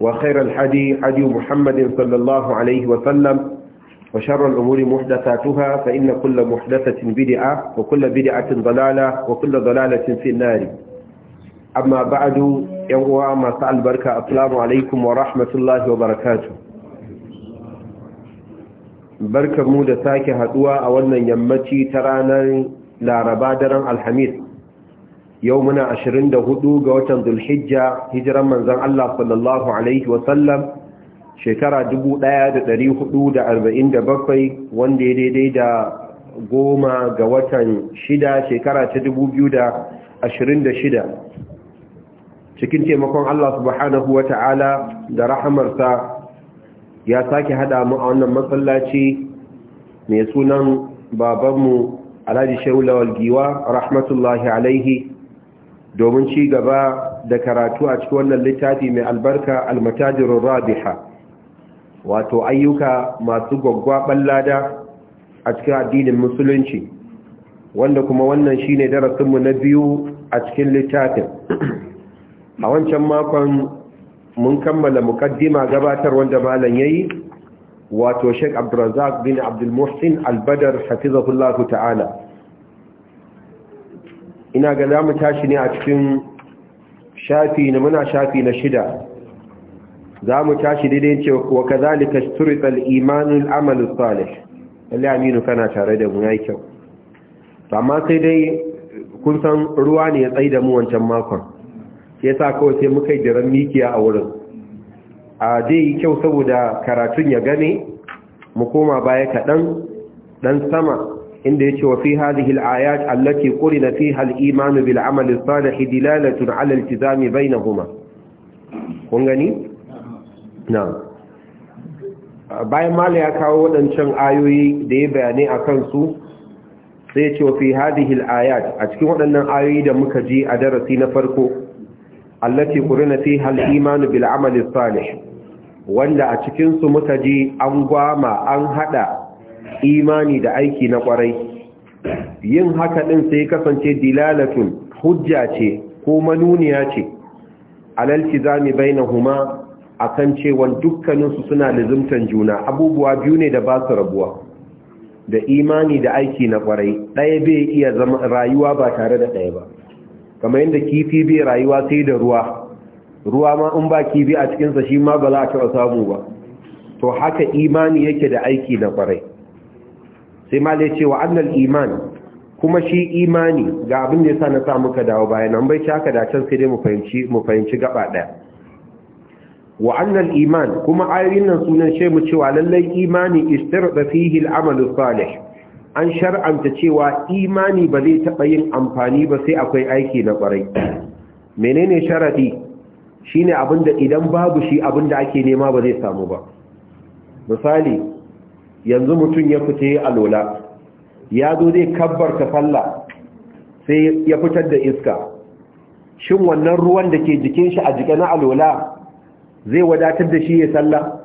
وخير الحدي حدي محمد صلى الله عليه وسلم وشر الأمور محدثاتها فإن كل محدثة بدعة وكل بدعة ضلالة وكل ضلالة في النار أما بعد يوم ما سأل بركة السلام عليكم ورحمة الله وبركاته بركة مودة ساكي هدوى أولا يمتي ترانا لا ربادرا الحميد yau muna 24 ga watan Zulhijja hijiran manzon Allah sallallahu alaihi wa sallam shekara 1447 wanda ya daidai da goma ga watan shida shekara ta 2026 cikin taimakon Allah subhanahu wa ta'ala da rahamarsa ya sake hada mu a wannan matsalaci mai sunan babanmu alhaji shaulawar giwa rahmatullahi alaihi domin ci gaba da karatu a cikin wannan littafi mai albarka almatajirun rabiha wato ayyuka masu gwaggwaban lada a cikin addinin musulunci wanda kuma wannan shine darasinmu na biyu a cikin littafin a wancan makon mun kammala mukaddima gabatar wanda malam yayi wato Sheikh Abdulrazak bin Abdul Muhsin Al-Badr hafizahullahu ta'ala ina ga za mu tashi ne a cikin shafi na muna shafi na shida za mu tashi daidai ce wa ka zalika al imanin amalin salih lalle aminu kana tare da mu yi kyau to amma sai dai kun san ruwa ne ya tsaye da mu wancan makon Ya sa kawai sai muka yi jiran mikiya a wurin a dai yi kyau saboda karatun ya gane mu koma baya kaɗan ɗan sama inda yace wa fi hadhihi al-ayat allati qurina fiha al-iman bil amal as-salih dilalatun ala al-tizam bainahuma na'am bayan mala ya kawo waɗancan ayoyi da ya bayanai a kansu sai ya ce wa fi hadihil ayat a cikin waɗannan ayoyi da muka ji a darasi na farko allati qurina fi hal imanu bil salih wanda a cikin su muka ji an gwama an hada imani da aiki na kwarai yin haka din sai kasance dilalatun hujja ce ko manuniya ce alal kizami bainahuma akan cewa dukkaninsu suna lizimtan juna abubuwa biyu ne da ba su rabuwa da imani da aiki na kwarai ɗaya bai iya zama rayuwa ba tare da ɗaya ba kamar yadda kifi bai rayuwa sai da ruwa ruwa ma in ba kifi a cikinsa shi ma ba za a taɓa samu ba to haka imani yake da aiki na kwarai sai malai ce wa annal iman kuma shi imani ga abin da yasa na sa muka dawo bayan an bai ci haka da can sai dai mu fahimci mu fahimci gaba daya wa annal iman kuma ayoyin nan sunan shi mu cewa lallai imani istirda fihi al-amal salih an shar'anta cewa imani ba zai taɓa yin amfani ba sai akwai aiki na kwarai. menene sharadi shine abinda idan babu shi abinda ake nema ba zai samu ba misali yanzu mutum ya fita yi alola ya zo zai kabbarta falla sai ya fitar da iska shin wannan ruwan da ke jikin shi a jike na alola zai wadatar da shi ya salla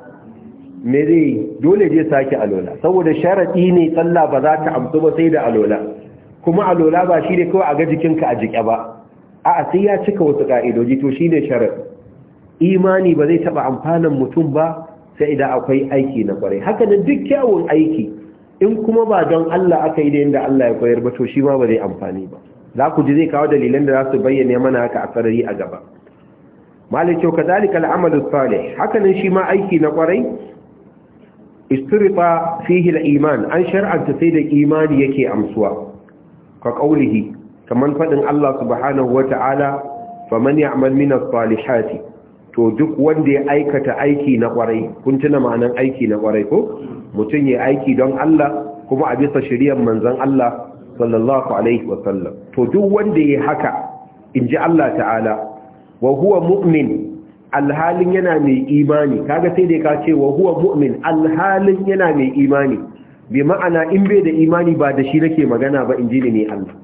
mai zai dole zai sake alola saboda sharaɗi ne salla ba za ta amsu ba sai da alola kuma alola ba shi ne kawai a ga jikinka a jike ba a sai ya cika wasu ƙa'idoji to shi ne sharaɗi imani ba zai taɓa amfanin mutum ba sai idan akwai aiki na kwarai haka duk kyawun aiki in kuma ba don Allah aka yi da yadda Allah ya koyar ba to shi ma ba zai amfani ba za ku ji zai kawo dalilan da za su bayyana mana haka a sarari a gaba malik kyau ka zalika al'amalu salih hakanan shi ma aiki na kwarai istirifa fihi iman an shar'anta sai da imani yake amsuwa ka kaulihi kamar faɗin Allah subhanahu wata'ala faman ya'mal min as-salihati to duk wanda ya aikata aiki na kwarai kun tuna ma'anan aiki na kwarai ko mutum ya aiki don Allah kuma a bisa shiriyar manzon Allah sallallahu alaihi sallam. to duk wanda ya haka inji Allah ta'ala wa huwa mu'min alhalin yana mai imani kaga sai dai ka ce wa huwa mu'min alhalin yana mai imani bi ma'ana in bai da imani ba da shi nake magana ba inji ne Allah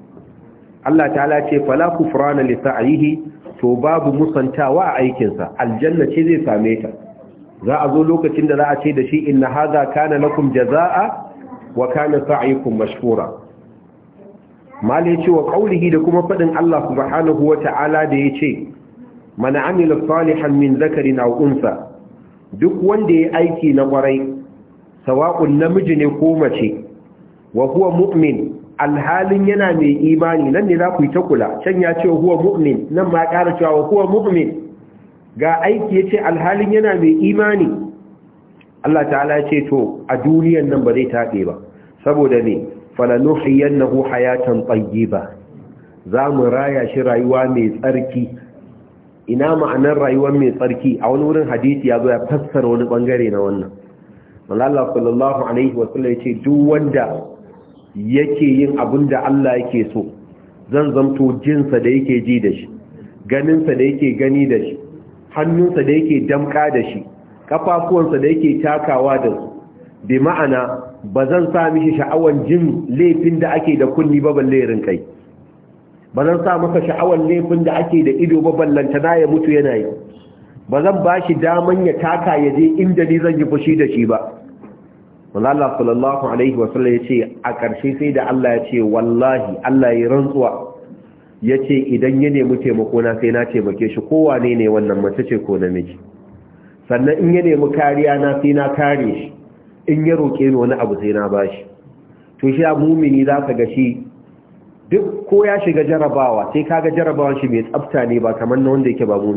Allah ta'ala ce fala kufrana li sa'ihi to babu musantawa a aikinsa aljanna ce zai same ta za a zo lokacin da za a ce da shi inna hadha kana lakum jazaa wa kana sa'ikum mashkura mali ce wa qawlihi da kuma fadin Allah subhanahu wa ta'ala da ce. man amila salihan min zakarin aw unsa duk wanda yayi aiki na kwarai sawa'un namiji ne ko mace wa huwa mu'min alhalin yana mai imani nan ne za ku yi ta kula can ya ce huwa mu'min nan ma ƙara cewa huwa mu'min ga aiki ya ce alhalin yana mai imani Allah ta'ala ya ce to a duniyan nan ba zai taɓe ba saboda ne hu hayatan ba, za mu raya shi rayuwa mai tsarki ina ma'anar rayuwar mai tsarki a wani wurin hadisi ya zo ya fassara wani ɓangare na wannan Allah sallallahu alaihi wasallam ya ce duk wanda yake yin abin da Allah yake so zan zamto jinsa da yake ji da shi ganinsa da yake gani da shi hannunsa da yake damka da shi kafafuwansa da yake takawa da su bi ma'ana ba zan sa mishi sha'awan jin laifin da ake da kunni ba balle kai ba zan sa maka sha'awan laifin da ake da ido ba ballanta na ya mutu yana yi ba zan ba shi daman ya taka ya je inda ni zan yi fushi da shi ba Allah sallallahu alaihi wa sallam yace a ƙarshe sai da Allah ya ce wallahi Allah ya rantsuwa yace idan ya nemi taimako na sai na taimake shi wane ne wannan mace ce ko namiji sannan in ya nemi kariya na sai na kare shi in ya roke ni wani abu sai na bashi to shi mumini za ka ga shi duk ko ya shiga jarabawa sai kaga jarabawan shi mai tsafta ne ba kamar na wanda yake ba ba ba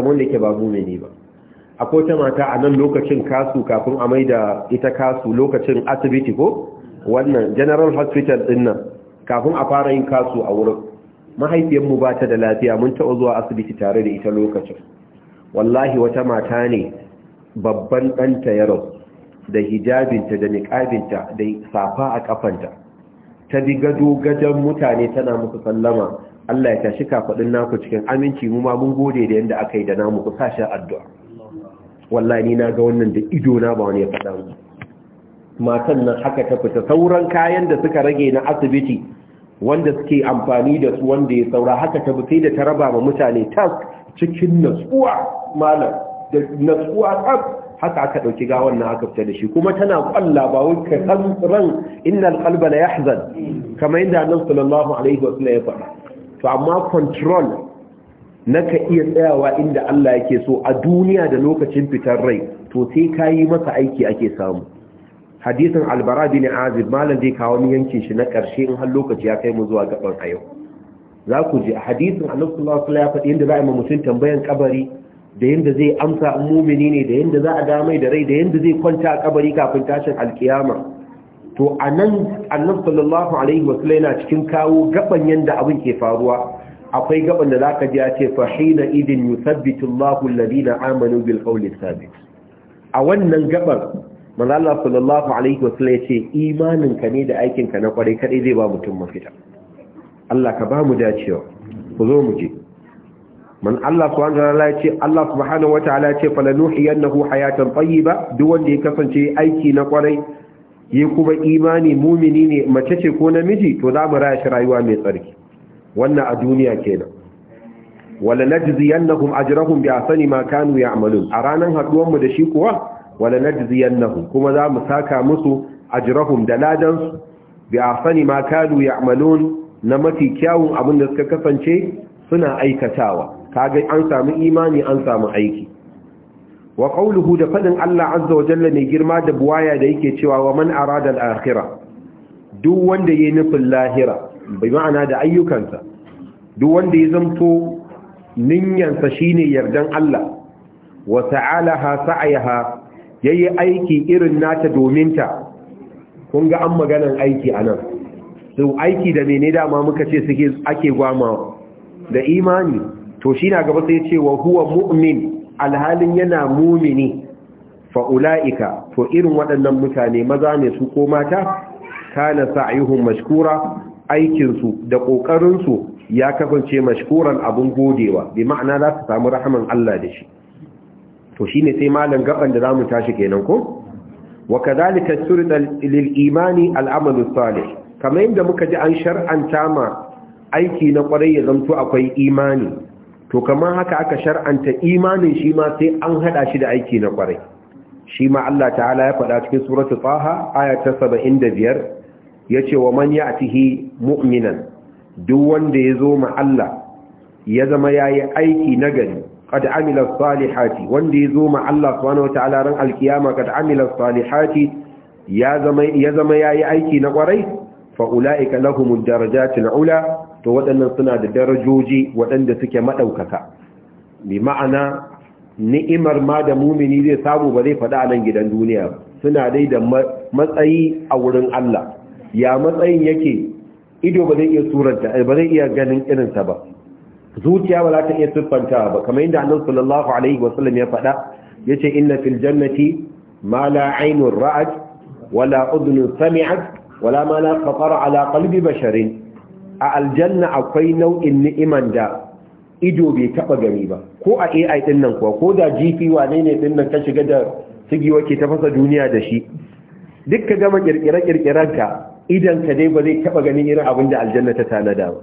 wanda yake ba mumini ba akwai ta mata a nan lokacin kasu kafin a mai da ita kasu lokacin asibiti ko wannan general hospital din nan kafin a fara yin kasu a wurin mahaifiyarmu ba ta da lafiya mun taɓa zuwa asibiti tare da ita lokacin wallahi wata mata ne babban ɗanta ya da hijabinta da niƙabinta da safa a ƙafanta ta bi gado gadon mutane tana musu sallama Allah ya tashi kafaɗin naku cikin aminci mu ma mun gode da yadda aka yi da namu ku sa addu'a wallahi ni na ga wannan da ido na ba wani ya faɗa mu matan nan haka ta fita sauran kayan da suka rage na asibiti wanda suke amfani da su wanda ya saura haka ta sai da ta raba ma mutane tas cikin natsuwa malam da natsuwa tas haka aka dauki gawan nan aka fita da shi kuma tana kwalla ba wai ka san ran innal qalba la yahzan kamar inda annabi sallallahu alaihi wasallam ya faɗa to amma control na ka iya tsayawa inda Allah yake so a duniya da lokacin fitar rai to sai ka yi masa aiki ake samu hadisin albara bin azib malam zai kawo ni yankin shi na ƙarshe in har lokaci ya kai mu zuwa gaban a yau za ku ji hadisin annabi sallallahu alaihi wasallam ya za a yi ma mutum tambayan kabari da yadda zai amsa in mumini ne da yadda za a ga mai da rai da yadda zai kwanta a kabari kafin tashin alkiyama to anan annabi sallallahu alaihi wasallam yana cikin kawo gaban yadda abin ke faruwa akwai gaban da za ka ji a ce fa hina idin yuthabbitu Allahu alladhina amanu bil a wannan gaban manzo Allah sallallahu alaihi wasallam ya ce imaninka ne da aikinka na kwarai kadai zai ba mutum mafita Allah ka ba mu dacewa ku zo mu je man Allah subhanahu wataala ya ce Allah subhanahu wataala ya ce falanuhiyannahu hayatan ba, duk wanda ya kasance aiki na kwarai Ya kuma imani mumini ne mace ce ko namiji to za mu raya shi rayuwa mai tsarki wannan a duniya kenan wala najziyannahum ajrahum bi ahsani ma kanu ya'malun a ranan haduwan mu da shi kuwa wala najziyannahum kuma za mu saka musu ajrahum da ladan bi ahsani ma kanu ya'malun na mafi kyawun abin da suka kasance suna aikatawa kaga an samu imani an samu aiki wa qawluhu da fadin Allah azza wa jalla ne girma da buwaya da yake cewa wa man arada al-akhirah duk wanda yayi nufin lahira bai ma'ana da ayyukansa duk wanda ya zamto ninyansa shine yardan Allah wa ta'alaha sa'ayaha yayi aiki irin nata domin ta kun ga an maganan aiki anan to aiki da da dama muka ce suke ake gwama da imani to shi na gaba sai ce wa huwa mu'min alhalin yana mumini fa ula'ika to irin waɗannan mutane maza ne su ko mata kana sa'ihum mashkura aikinsu da ƙoƙarinsu ya kasance mashkuran abin godewa bi ma'ana za su samu rahaman Allah da shi to ne sai malam gaban da zamu tashi kenan ko wa kadhalika surida lil imani al amalu salih kamar yadda muka ji an shar'anta ma aiki na kwarai ya zanto akwai imani to kamar haka aka shar'anta imanin shi ma sai an hada shi da aiki na kwarai shi ma Allah ta'ala ya faɗa cikin suratul taha aya ta 75 Ya ce wa man ya'tihi mu'minan duk wanda ya zo Allah ya zama yayi aiki nagari qad amila salihati wanda ya zo ma Allah ran alkiyama qad amila ya zama ya zama yayi aiki na kwarai fa ulaika lahumud darajatul ula to waɗannan suna da darajoji waɗanda suke maɗaukaka. bi ma'ana ni'imar ma da mumini zai samu ba zai faɗa a nan gidan duniya ba. suna dai da matsayi a wurin Allah ya matsayin yake ido ba zai iya suranta ba zai iya ganin irinsa ba zuciya ba za ta iya siffantawa ba kamar yadda annabi sallallahu alaihi wasallam ya faɗa yace inna fil jannati ma la aynun ra'at wala udhun sami'at wala ma la khatara ala qalbi basharin a aljanna akwai nau'in ni'iman da ido bai taba gani ba ko a AI din nan kuwa ko da GP wane ne din nan ka shiga da sigi wake ta fasa duniya da shi duk ka gama kirkire kirkiranka idan ka dai ba zai taba ganin irin abin da aljanna ta tanada ba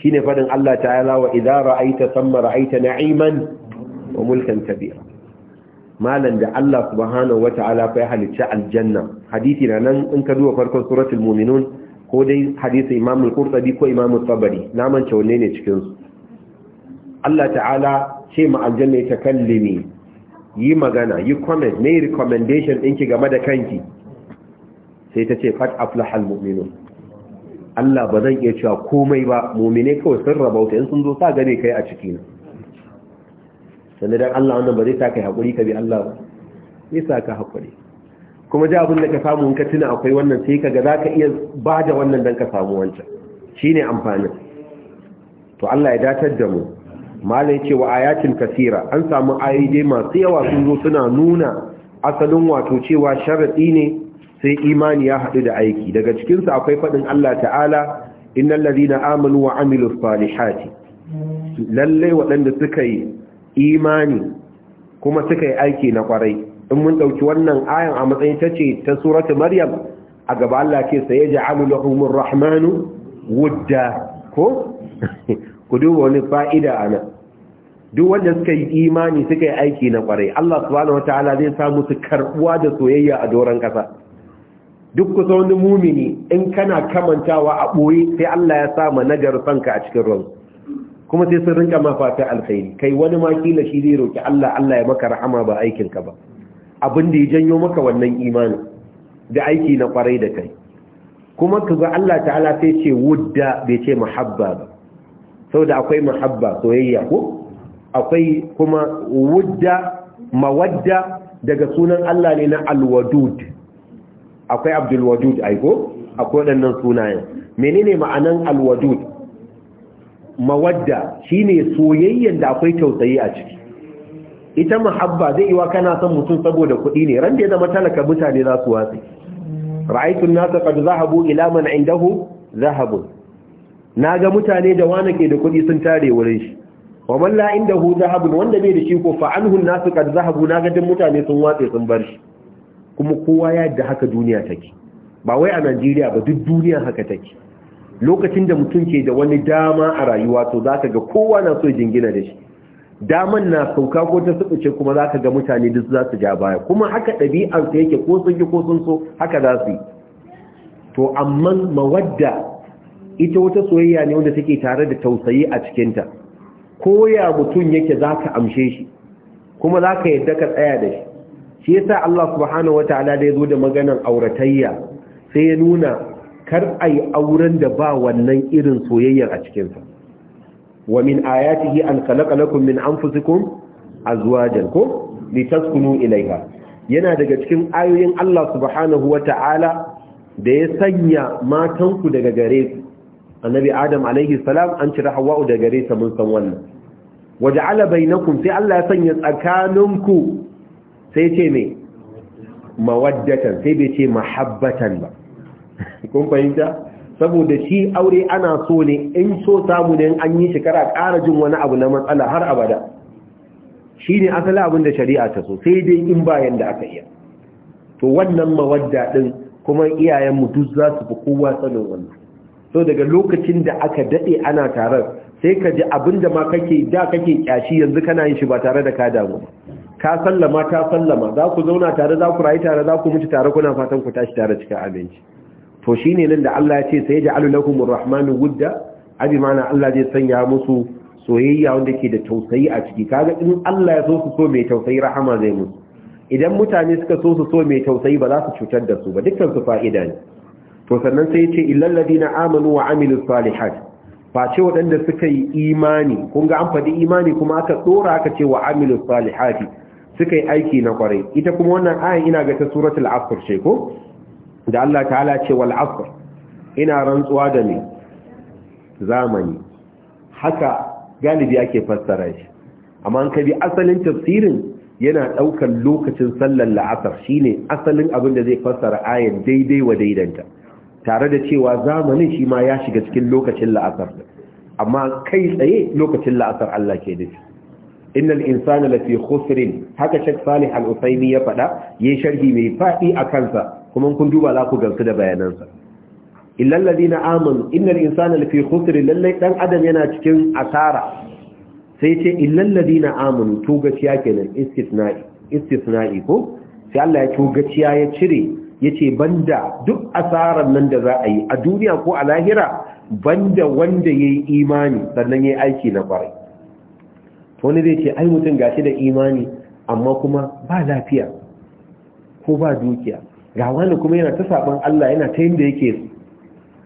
shine fadin Allah ta'ala wa idza ra'aita thamma ra'aita na'iman wa mulkan kabira malan da Allah subhanahu wata'ala fa ya halicci aljanna hadisi na nan in ka duba farkon suratul mu'minun ko dai hadisi Imam al-Qurtubi ko Imam al-Tabari na mance wanne ne cikin su Allah ta'ala ce ma aljanna ya takallimi yi magana yi comment ne recommendation ɗinki game da kanki sai ta ce fat aflahal mu'minun Allah ba zan iya cewa komai ba mu'mine kawai sun rabauta in sun zo sa gane kai a ciki na sannan dan Allah wannan ba zai sa kai hakuri ka bi Allah ba zai sa ka hakuri kuma ji abin da ka samu in ka tuna akwai wannan sai ka ga ka iya ba da wannan dan ka samu wancan Shi ne amfanin to Allah ya datar da mu mala ya ce wa ayatin kasira an samu ayi dai masu yawa sun zo suna nuna asalin wato cewa sharaɗi ne sai imani ya haɗu da aiki daga cikinsu akwai faɗin Allah ta'ala innal ladina amanu wa amilus salihati lalle waɗanda suka yi imani kuma suka yi aiki na kwarai in mun ɗauki wannan ayan a matsayin ta ce ta suratu maryam a gaba Allah ke sai ya lahumur rahmanu wudda ko ku duba wani fa'ida ana duk wanda suka yi imani suka yi aiki na kwarai Allah subhanahu wataala zai samu su karbuwa da soyayya a doron ƙasa. duk kusa wani mumini in kana kamantawa a ɓoye sai Allah ya sa ma sanka a cikin ruwan kuma sai sun rinka ma fata alkhairi kai wani ma kila shi zai roki Allah Allah ya maka rahama ba aikin ka ba abin da ya janyo maka wannan imani da aiki na kwarai da kai kuma kaga Allah ta'ala sai ce wudda bai ce muhabba ba da akwai muhabba soyayya ko akwai kuma wudda mawadda daga sunan Allah ne na alwadud akwai abdulwadud aiko akwai waɗannan sunayen menene ma'anan alwadud mawadda shine soyayyen da akwai tausayi a ciki ita muhabba zai wa kana son mutum saboda kuɗi ne ran da ya zama talaka mutane za su watsi ra'aytun nasa qad zahabu ila man indahu zahabun naga mutane da wani ke da kuɗi sun tare wurin shi wa man la indahu zahabun wanda bai da shi ko fa anhu nasu qad zahabu naga mutane sun watse sun bar shi kuma kowa ya da haka duniya take ba wai a Najeriya ba duk duniya haka take lokacin da mutum ke da wani dama a rayuwa to za ka ga kowa na so jingina da shi daman na sauka ko ta ce kuma za ka ga mutane duk za su ja baya kuma haka ɗabi'ar su yake ko sun yi ko sun so haka za su yi to amma mawadda ita wata soyayya ne wanda take tare da tausayi a cikinta ko ya mutum yake zaka amshe shi kuma zaka yadda ka tsaya da shi shi yasa Allah subhanahu wataala da yazo da maganar auratayya sai ya nuna kar ai auren da ba wannan irin soyayyar a cikin sa wa min ayatihi an khalaqa lakum min anfusikum azwajan ko litaskunu ilayha yana daga cikin ayoyin Allah subhanahu wataala da ya sanya matanku daga gare ku annabi adam alaihi salam an cira hawa'u daga gare sa mun san wannan waja'ala bainakum sai Allah ya sanya tsakaninku sai ce mai mawaddatan sai bai ce mahabbatan ba kun fahimta saboda shi aure ana so ne in so samu ne an yi shekara ƙara jin wani abu na matsala har abada shi ne asali abin da shari'a ta so sai dai in bayan da aka iya to wannan mawadda kuma iyayenmu duk za su fi kowa sanin wannan so daga lokacin da aka daɗe ana tarar sai ka ji abin da ma kake da kake kyashi yanzu kana yin shi ba tare da ka damu ba ka sallama ka sallama za ku zauna tare za ku rayu tare za ku mutu tare kuna fatan ku tashi tare cikin abinci to shi ne nan da Allah ya ce sai ja'alu lakum arrahmanu wudda abi mana Allah zai sanya musu soyayya wanda ke da tausayi a ciki kaga in Allah ya so su so mai tausayi rahama zai musu idan mutane suka so su so mai tausayi ba za su cutar da su ba dukkan su fa'ida ne to sannan sai ya ce illal ladina amanu wa amilus salihat ce waɗanda suka yi imani kun ga an faɗi imani kuma aka tsora aka ce wa amilus salihati suka yi aiki na kwarai ita kuma wannan ayan ina ga ta suratul asr ce ko da Allah ta'ala ce wal asr ina rantsuwa da ni zamani haka galibi ake fassara shi amma an kabi asalin tafsirin yana daukar lokacin sallar la'asar shine asalin abin da zai fassara ayan daidai wa daidanta tare da cewa zamanin shi ma ya shiga cikin lokacin la'asar amma kai tsaye lokacin la'asar Allah ke dace innal insana lafi khusrin haka shek Salih Al-Utsaimi ya faɗa yayi sharhi mai faɗi a kansa kuma kun duba za ku gamsu da bayanansa illal ladina amanu innal insana lafi khusrin lallai dan adam yana cikin asara sai ce illal ladina amanu to gaciya kenan istisna'i istisna'i ko sai Allah ya to gaciya ya cire yace banda duk asaran nan da za a yi a duniya ko a lahira banda wanda yayi imani sannan yayi aiki na kwarai wani zai ce ai mutum gashi da imani amma kuma ba lafiya ko ba dukiya ga wani kuma yana ta saban Allah yana ta da yake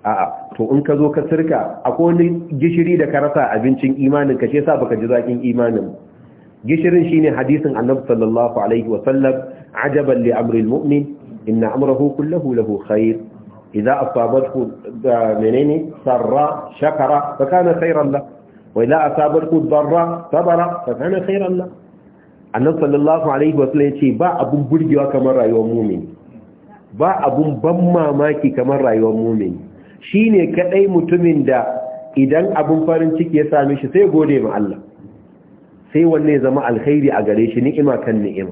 a'a to in ka zo ka sirka akwai wani gishiri da ka rasa abincin imanin ka shi yasa baka ji zakin imanin gishirin shine hadisin Annabi sallallahu alaihi wa sallam ajaban li amri almu'min inna amrahu kulluhu lahu khair idza asabathu ah, menene sarra shakara fa kana khairan lahu wa idza asabatku darra sabara fa kana khairan la annabi sallallahu alaihi wasallam yace ba abun burgewa kamar rayuwar mu'mini ba abun ban mamaki kamar rayuwar mu'mini shine kadai mutumin da idan abun farin ciki ya same shi sai gode ma Allah sai wanne zama alkhairi a gare shi ni'ima kan ni'ima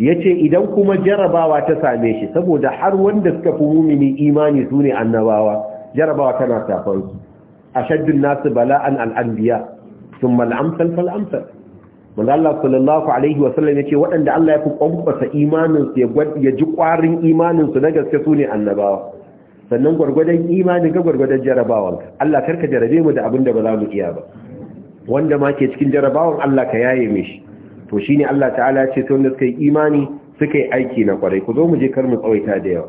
yace idan kuma jarabawa ta same shi saboda har wanda suka fi mumini imani sune annabawa jarabawa tana safar su ashaddun nasu bala'an al'anbiya sun mal'amsal fal'amsal manzo Allah sallallahu alaihi wa sallam yace waɗanda Allah ya fi kwamfasa imanin su ya ji kwarin imanin na gaske su ne annabawa sannan gwargwadon imanin ga gwargwadon jarabawan Allah karka jarabe mu da abin da ba za mu iya ba wanda ma ke cikin jarabawan Allah ka yaye mishi to shine Allah ta'ala ya ce sai ne suka yi imani suka yi aiki na kwarai ku zo mu je kar mu tsawaita da yawa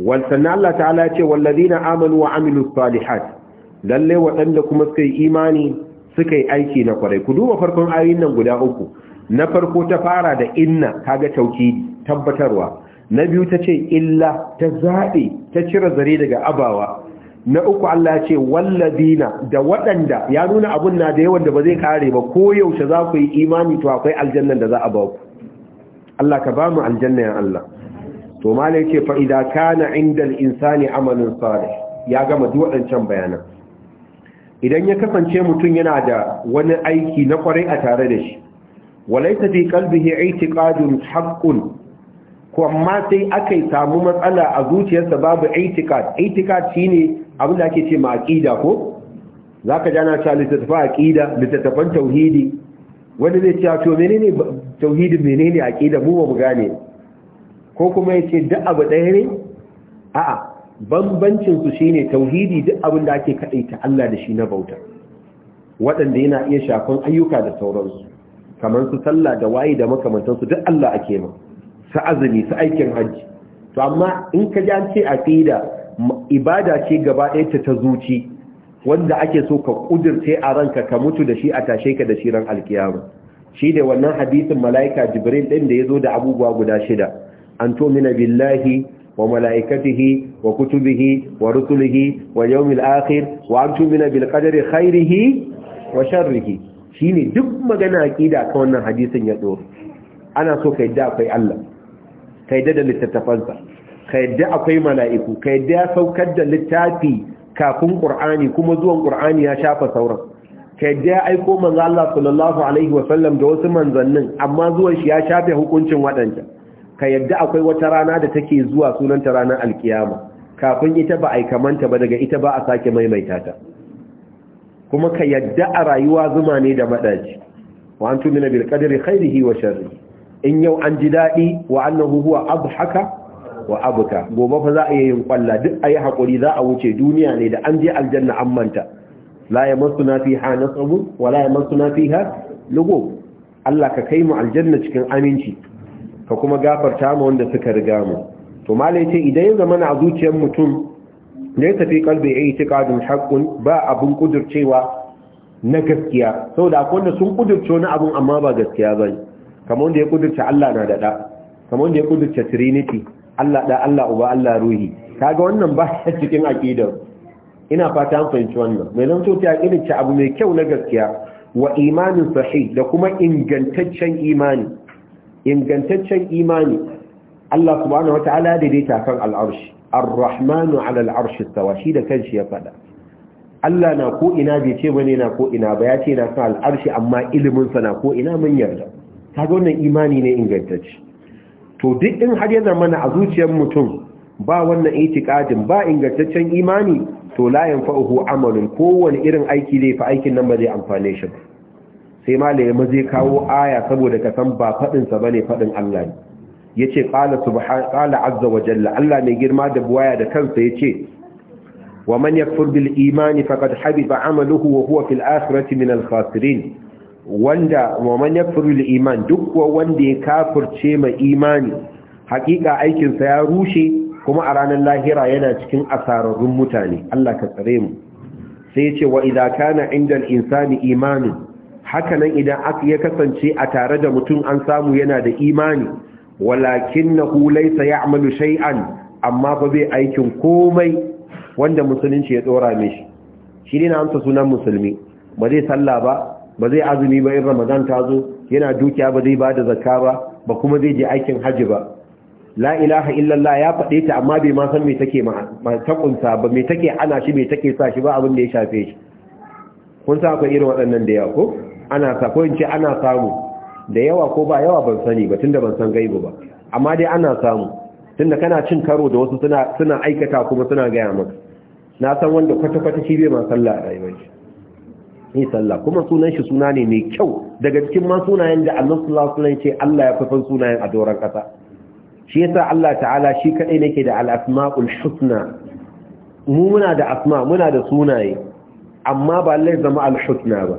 wal sanna Allah ta'ala ya ce wallazina amanu wa amilus salihat lalle waɗanda kuma suka yi imani suka yi aiki na kwarai ku duba farkon ayoyin nan guda uku na farko ta fara da inna kaga tauki tabbatarwa na biyu ta ce illa ta zaɓe ta cire zare daga abawa na uku Allah ya ce walladina da waɗanda ya nuna abun na da yawan da ba zai kare ba ko yaushe za ku yi imani to akwai aljannan da za a ba ku Allah ka ba mu aljanna ya Allah to malai ce fa idza kana indal insani amalun salih ya gama duk waɗancan bayanan idan ya kasance mutum yana da wani aiki na kwarai a tare da shi walaita fi kalbihi i'tiqadun haqqun ko amma sai akai samu matsala a zuciyarsa babu i'tiqad i'tiqad shine abin da ake ce ma aqida ko zaka ji ana cewa littattafan aqida littattafan tauhidi wani zai ce to menene tauhidi menene aqida mu ba mu gane ko kuma yace duk abu ɗaya ne a'a bambancin su shine tauhidi duk abin da ake ta Allah da shi na bauta waɗanda yana iya shafan ayyuka da sauransu kamar su sallah da wayi da makamantan su duk Allah ake ma su azumi su aikin hajji to amma in ka ji an ce aqida ibada ce gaba ɗaya ta zuci wanda ake so ka kudirce a ranka ka mutu da shi a tashe ka da shi ran alkiyama shi da wannan hadisin mala'ika jibril ɗin da ya zo da abubuwa guda shida an to billahi Wa وملائكته وكتبه wa واليوم الآخر وأن تؤمن بالقدر خيره وشره shine duk magana aqida kan wannan hadisin ya tsoro ana so ka yadda akwai Allah ka yadda da littattafansa ka yadda akwai mala'iku ka yadda ya saukar da littafi kafin qur'ani kuma zuwan qur'ani ya shafa sauran ka yadda ya aiko manzo Allah sallallahu alaihi wasallam da wasu manzannin amma zuwan shi ya shafe hukuncin waɗancan ka yadda akwai wata rana da take zuwa sunanta ranar alkiyama kafin ita ba a yi kamanta ba daga ita ba a sake maimaita ta kuma ka yadda a rayuwa zuma ne da madaji wa an tumina bil qadri khairihi wa sharri in yau an ji daɗi, wa annahu huwa haka, wa abuka. gobe fa za a yi kwalla duk a yi hakuri za a wuce duniya ne da an je aljanna an manta la fi ha nasabu, wa la fi ha lugub Allah ka kai mu aljanna cikin aminci ka kuma gafarta mu wanda suka riga mu to malai ce idan ya zama na zuciyar mutum da ya tafi kalbi ya yi tikadun haƙƙun ba abin kudurcewa na gaskiya sau da akwai sun kudurce wani abin amma ba gaskiya ba ne kamar da ya kudurce Allah na da ɗa kamar da ya kudurce trinity Allah ɗa Allah uba Allah ruhi kaga wannan ba ya cikin aƙidar ina fata an fahimci wannan mai zan ta kirince abu mai kyau na gaskiya wa imanin sahih da kuma ingantaccen imani ingantaccen imani Allah subhanahu wata'ala daidaita kan al'arshi ar-rahmanu ala al'arshi tawa shi da kanshi ya fada Allah na ko ina bai ce bane na ko ina ba ya ce na kan al'arshi amma ilimin sa na ko ina mun yarda kaga wannan imani ne ingantacce to duk in har yana mana a zuciyar mutum ba wannan itikadin ba ingantaccen imani to la yanfa'uhu amalun kowane irin aiki zai fa aikin nan ba zai amfane shi ba sai malai ma zai kawo aya saboda ka san ba faɗinsa ba ne faɗin Allah ne yace ce ƙala azza wa jalla Allah mai girma da buwaya da kansa yace wa man yakfur bil imani faqad habiba amaluhu wa huwa fil min alfasirin. wanda wa man yakfur iman duk wanda ya kafurce mai imani hakika aikinsa ya rushe kuma a ranar lahira yana cikin asararrun mutane Allah ka tsare mu sai yace wa idza na inda al insani imanun hakanan idan aka ya kasance a tare da mutum an samu yana da imani walakin na walakinnahu ya amalu shai'an amma ba bai aikin komai wanda musulunci ya tsora mishi shi ne na amsa sunan musulmi ba zai sallah ba ba zai azumi ba in ramadan ta zo yana dukiya ba zai ba da zakka ba ba kuma zai je aikin haji ba la ilaha illallah ya faɗe ta amma bai ma san me take ma ta kunsa ba me take ana shi me take sa shi ba abin da ya shafe shi kun sa akwai irin waɗannan da yawa ko ana sa ko in ana samu da yawa ko ba yawa ban sani ba tunda ban san gaibu ba amma dai ana samu tunda kana cin karo da wasu suna suna aikata kuma suna gaya maka na san wanda kwata-kwata shi bai ma sallah rayuwar shi Ni sallah kuma sunan shi suna ne mai kyau daga cikin ma sunayen da Allah sallallahu alaihi ce Allah ya san sunayen a doron kasa shi yasa Allah ta'ala shi kadai nake da al-asmaul husna mu muna da asma muna da sunaye amma ba lai zama al-husna ba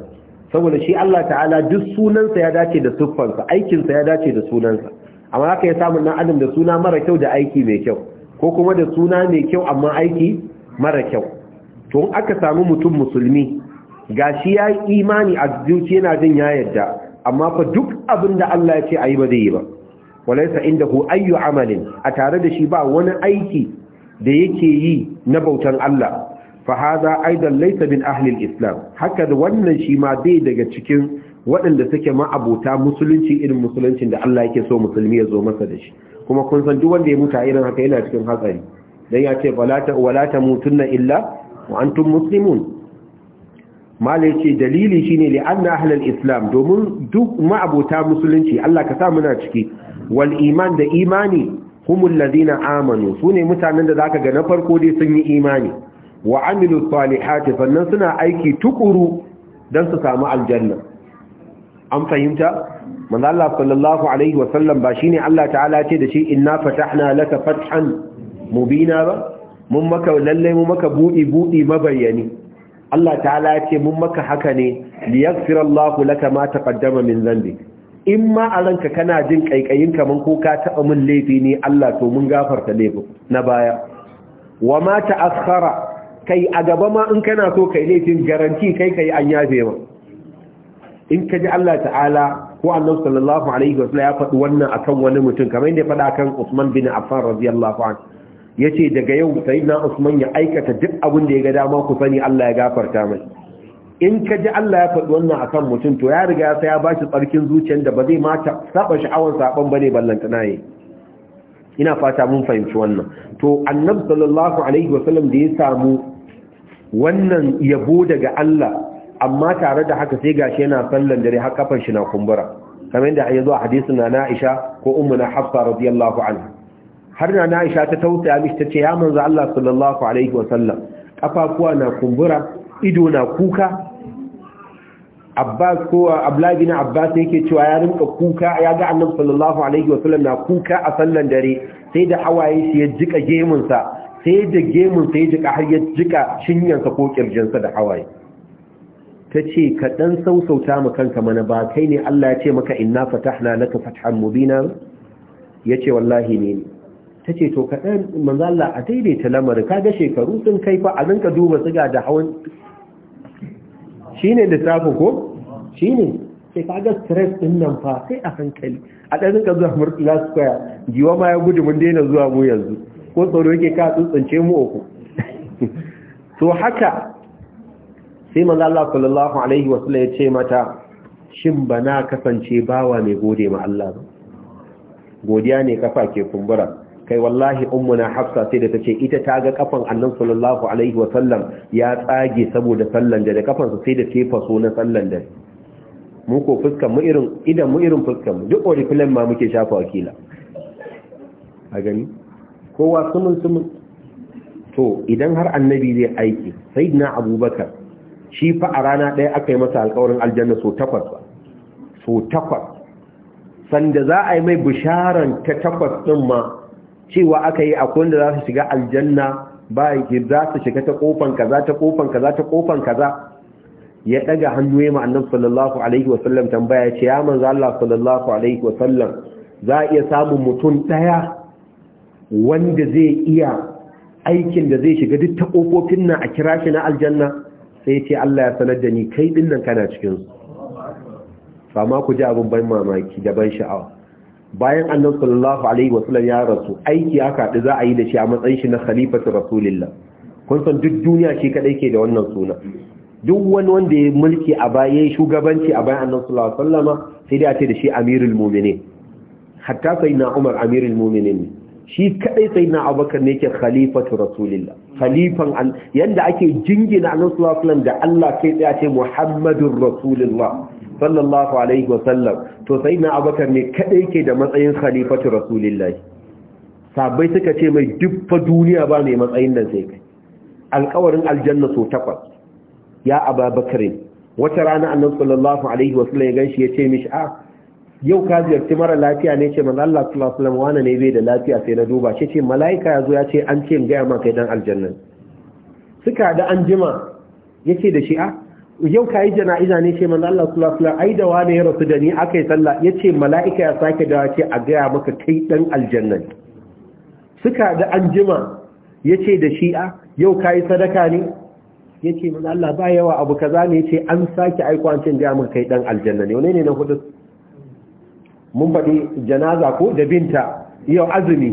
saboda shi Allah ta'ala duk sunansa ya dace da siffansa aikinsa ya dace da sunansa amma haka ya samu nan adam da suna mara kyau da aiki mai kyau ko kuma da suna mai kyau amma aiki mara kyau to aka samu mutum musulmi gashi ya yi imani a zuci yana jin ya yadda amma fa duk abin da Allah ya ce ayi ba zai yi ba walaysa indahu ayyu amalin a tare da shi ba wani aiki da yake yi na bautan Allah fahaza aidan laisa bin ahlil islam haka da wannan shi ma zai daga cikin waɗanda suke ma'abota musulunci irin musuluncin da Allah yake so musulmi ya zo masa da shi kuma kun san duk wanda ya mutu a irin haka yana cikin hatsari dan ya ce wala ta illa wa antum muslimun mala yace dalili shine li anna ahlul islam domin duk ma'abota musulunci Allah ka sa muna ciki wal iman da imani humul ladina amanu sune mutanen da zaka ga na farko dai sun yi imani wa amilu salihati sannan suna aiki tukuru don su samu aljanna an fahimta manzo Allah sallallahu alaihi wa sallam ba shine Allah ta'ala ce da shi inna fatahna laka fathan mubina ba mun maka lalle mun maka budi budi mabayani Allah ta'ala ce mun maka haka ne liyaghfira Allahu laka ma taqaddama min dhanbik in ma kana jin kaikayin kaman ko ka taba mun laifi ne Allah to mun gafarta laifin na baya wa ma ta'akhkhara kai a gaba ma in kana so kai laifin garanti kai kai an yafe ma in ka ji Allah ta'ala ko annabi sallallahu alaihi wasallam ya faɗi wannan akan wani mutum kamar yadda ya faɗa akan Usman bin Affan radiyallahu anhu yace daga yau sayyidina Usman ya aikata duk abin da ya ga dama ku sani Allah ya gafarta mai in ka ji Allah ya faɗi wannan akan mutum to ya riga sai ya bashi tsarkin zuciyar da ba zai ma saba sha'awar saban bane ballantana yi ina fata mun fahimci wannan to annabi sallallahu alaihi wasallam da ya samu wannan yabo daga Allah amma tare da haka sai gashi yana sallan dare har kafar shi na kumbura kamar yadda ya zo a hadisin na Aisha ko ummu na Hafsa radiyallahu anha har na Aisha ta tausaya mishi tace ya manzo Allah sallallahu alaihi wasallam kafafuwa na kumbura ido na kuka Abbas ko Abdullah bin Abbas yake cewa ya rinka kuka ya ga Annabi sallallahu alaihi wasallam na kuka a sallan dare sai da hawaye shi ya jika gemunsa sai da gemun sai jika har yi jika cinyansa ko kirjinsa da hawaye ta ce ka ɗan sausauta mu kanka mana ba kai ne Allah ya ce maka inna fatahna laka fathan mubina ya ce wallahi ne ta ce to ka ɗan manzo Allah a daidaita lamarin ga shekaru sun kai fa a rinka duba siga da hawan Shi da littafin ko Shi ne. sai ga stress ɗin nan fa sai a hankali a ɗan rinka zuwa murtala square giwa ma ya gudu mun daina zuwa mu yanzu ko tsoro yake ka tsuntsance mu uku to haka sai manzo Allah sallallahu alaihi wasallam ya ce mata shin bana kasance bawa mai gode ma Allah ba godiya ne kafa ke kumbura kai wallahi ummuna hafsa sai da tace ita ta ga kafan annan sallallahu alaihi wa sallam ya tsage saboda sallan da kafansa sai da tefa so na sallan da mu ko fuskan mu irin idan mu irin fuskan mu duk oriflame ma muke shafa wakila a gani kowa sumul-sumul. to idan har annabi zai aiki sai na abubakar shi fa a rana ɗaya aka yi masa alkawarin aljanna so takwas ba so takwas sanda za a yi mai bisharan ta takwas ɗin ma cewa aka yi akwai wanda za su shiga aljanna ba yake za su shiga ta kofan kaza ta kofan kaza ta kofan kaza ya ɗaga hannu ya ma'annan sallallahu alaihi wasallam tambaya ce ya manzo Allah sallallahu alaihi wasallam za a iya samun mutum ɗaya. wanda zai iya aikin da zai shiga duk ta kofofin nan a kira shi na aljanna sai ce Allah ya sanar da ni kai dinnan nan kana cikin su fama ku ji abin ban mamaki da ban sha'awa bayan annabi sallallahu alaihi wasallam ya rasu aiki aka haɗu za a yi da shi a matsayin shi na khalifatu rasulillah kun san duk duniya shi kadai ke da wannan suna duk wani wanda ya mulki a baya shugabanci a bayan annabi sallallahu alaihi wasallama sai dai a ce da shi amirul mu'minin hatta sai na umar amirul mu'minin ne shi kadai sai na abubakar ne ke khalifatu rasulillah khalifan yanda ake jingina annabi sallallahu alaihi wasallam da Allah kai tsaya ce muhammadur rasulullah sallallahu alaihi wasallam to sai na abubakar ne kadai ke da matsayin khalifatu rasulillah sabai suka ce mai duffa duniya ba ne matsayin nan sai kai alƙawarin aljanna so takwas ya ababakarin wata rana annabi sallallahu alaihi wasallam ya ganshi ya ce mishi a ah, yau ka ziyarci mara lafiya ne ce manzo Allah sallallahu alaihi wasallam ne bai da lafiya sai na duba shi ce malaika ya zo ya ce an ce ga ma kai dan aljanna suka da an jima yace da shi a ah, yau ka yi jana'iza ne ce manzo Allah sallallahu alaihi wasallam ai da wani ya rasu da ni akai sallah yace malaika ya sake da ce a ga maka kai dan aljanna suka da an jima yace da shi a ah, yau ka yi sadaka ne yace manzo Allah ba yawa abu kaza ne yace an sake aikwancin gaya ga maka kai dan aljanna ne wane ne na hudu mun faɗi janaza ko da binta yau azumi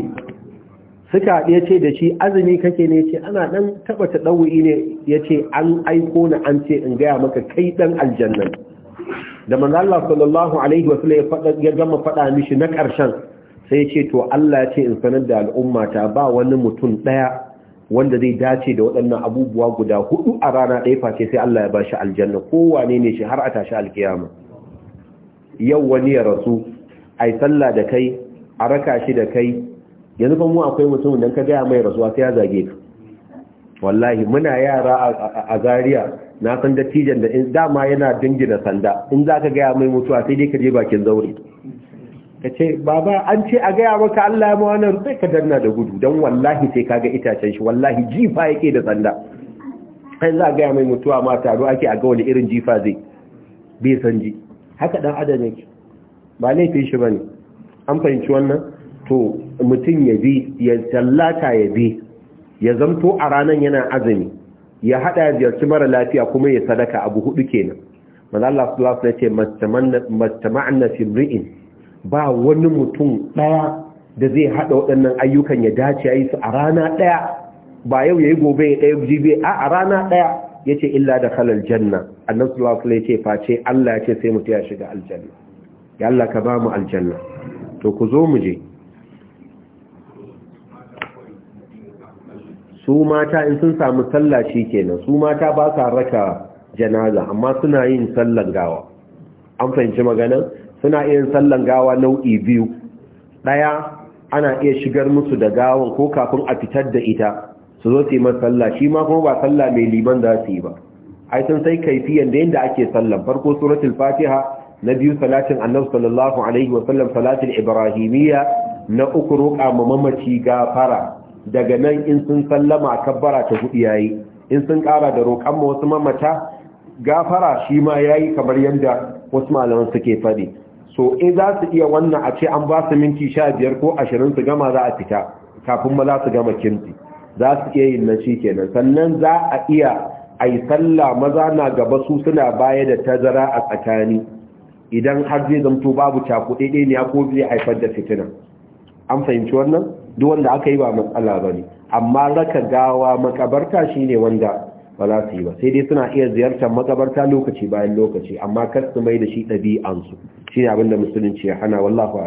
suka ya ce da shi azumi kake ne ce ana ɗan taɓa ta ɗau'i ne ya ce an aiko na an ce in gaya maka kai ɗan aljannan da manzo Allah sallallahu alaihi wa sallam ya gama faɗa mishi na ƙarshen sai ya ce to Allah ya ce in sanar da al'umma ta ba wani mutum ɗaya wanda zai dace da waɗannan abubuwa guda hudu a rana ɗaya face sai Allah ya ba shi aljanna kowane ne shi har a tashi alkiyama yau wani ya rasu ai sallah da kai a raka shi da kai yanzu fa mu akwai mutum dan ka ga mai rasuwa sai ya zage ka wallahi muna yara a Zariya na san dattijan da in dama yana dingina sanda in zaka ga mai mutuwa sai dai ka je bakin zaure ka ce baba an ce a gaya maka Allah ya mawa nan sai ka danna da gudu don wallahi sai ga itacen shi wallahi jifa yake da sanda an za a gaya mai mutuwa ma taro ake a ga wani irin jifa zai bai san ji haka dan adam yake ba laifin shi ba ne, an fahimci wannan to mutum ya bi ya sallata ya bi ya zamto a ranar yana azumi ya haɗa ya ziyarci mara lafiya kuma ya sadaka abu hudu kenan manzo Allah su lafi ya ce mastama'na fi mri'in ba wani mutum ɗaya da zai haɗa waɗannan ayyukan ya dace ya yi su a rana daya ba yau ya yi gobe ya ɗaya jibi a a rana daya ce illa da khalal janna Annan su lafi ce face Allah ya ce sai mutu ya shiga aljanna ya Allah ka ba mu aljanna to ku zo mu je su mata in sun samu sallah shi kenan su mata ba sa raka janaza amma suna yin sallan gawa an fahimci magana suna yin sallan gawa nau'i biyu Ɗaya ana iya shigar musu da gawan ko kafin a fitar da ita su zo su yi sallah shi ma kuma ba sallah mai liman za su yi ba ai sun sai kaifiyan da yadda ake sallan farko suratul fatiha na biyu salatin annabi sallallahu alaihi wasallam salatin ibrahimiyya na uku roƙa ma mamaci gafara daga nan in sun sallama kabbara ta hudu yayi in sun ƙara da roƙan ma wasu mamata gafara shi ma yayi kamar yadda wasu malaman suke faɗi so in za su iya wannan a ce an ba su minti sha biyar ko ashirin su gama za a fita kafin ma za su gama kinti za su iya yin nan shi kenan sannan za a iya ai sallah maza na gaba su suna baya da tazara a tsakani idan har zai zamto babu cakuɗe ɗaya ne ko zai haifar da fitina an fahimci wannan duk wanda aka yi ba matsala ba ne amma raka gawa makabarta ne wanda ba za su yi ba sai dai suna iya ziyartar makabarta lokaci bayan lokaci amma kar su mai da shi ɗabi'ansu shi ne abinda musulunci ya hana wallahu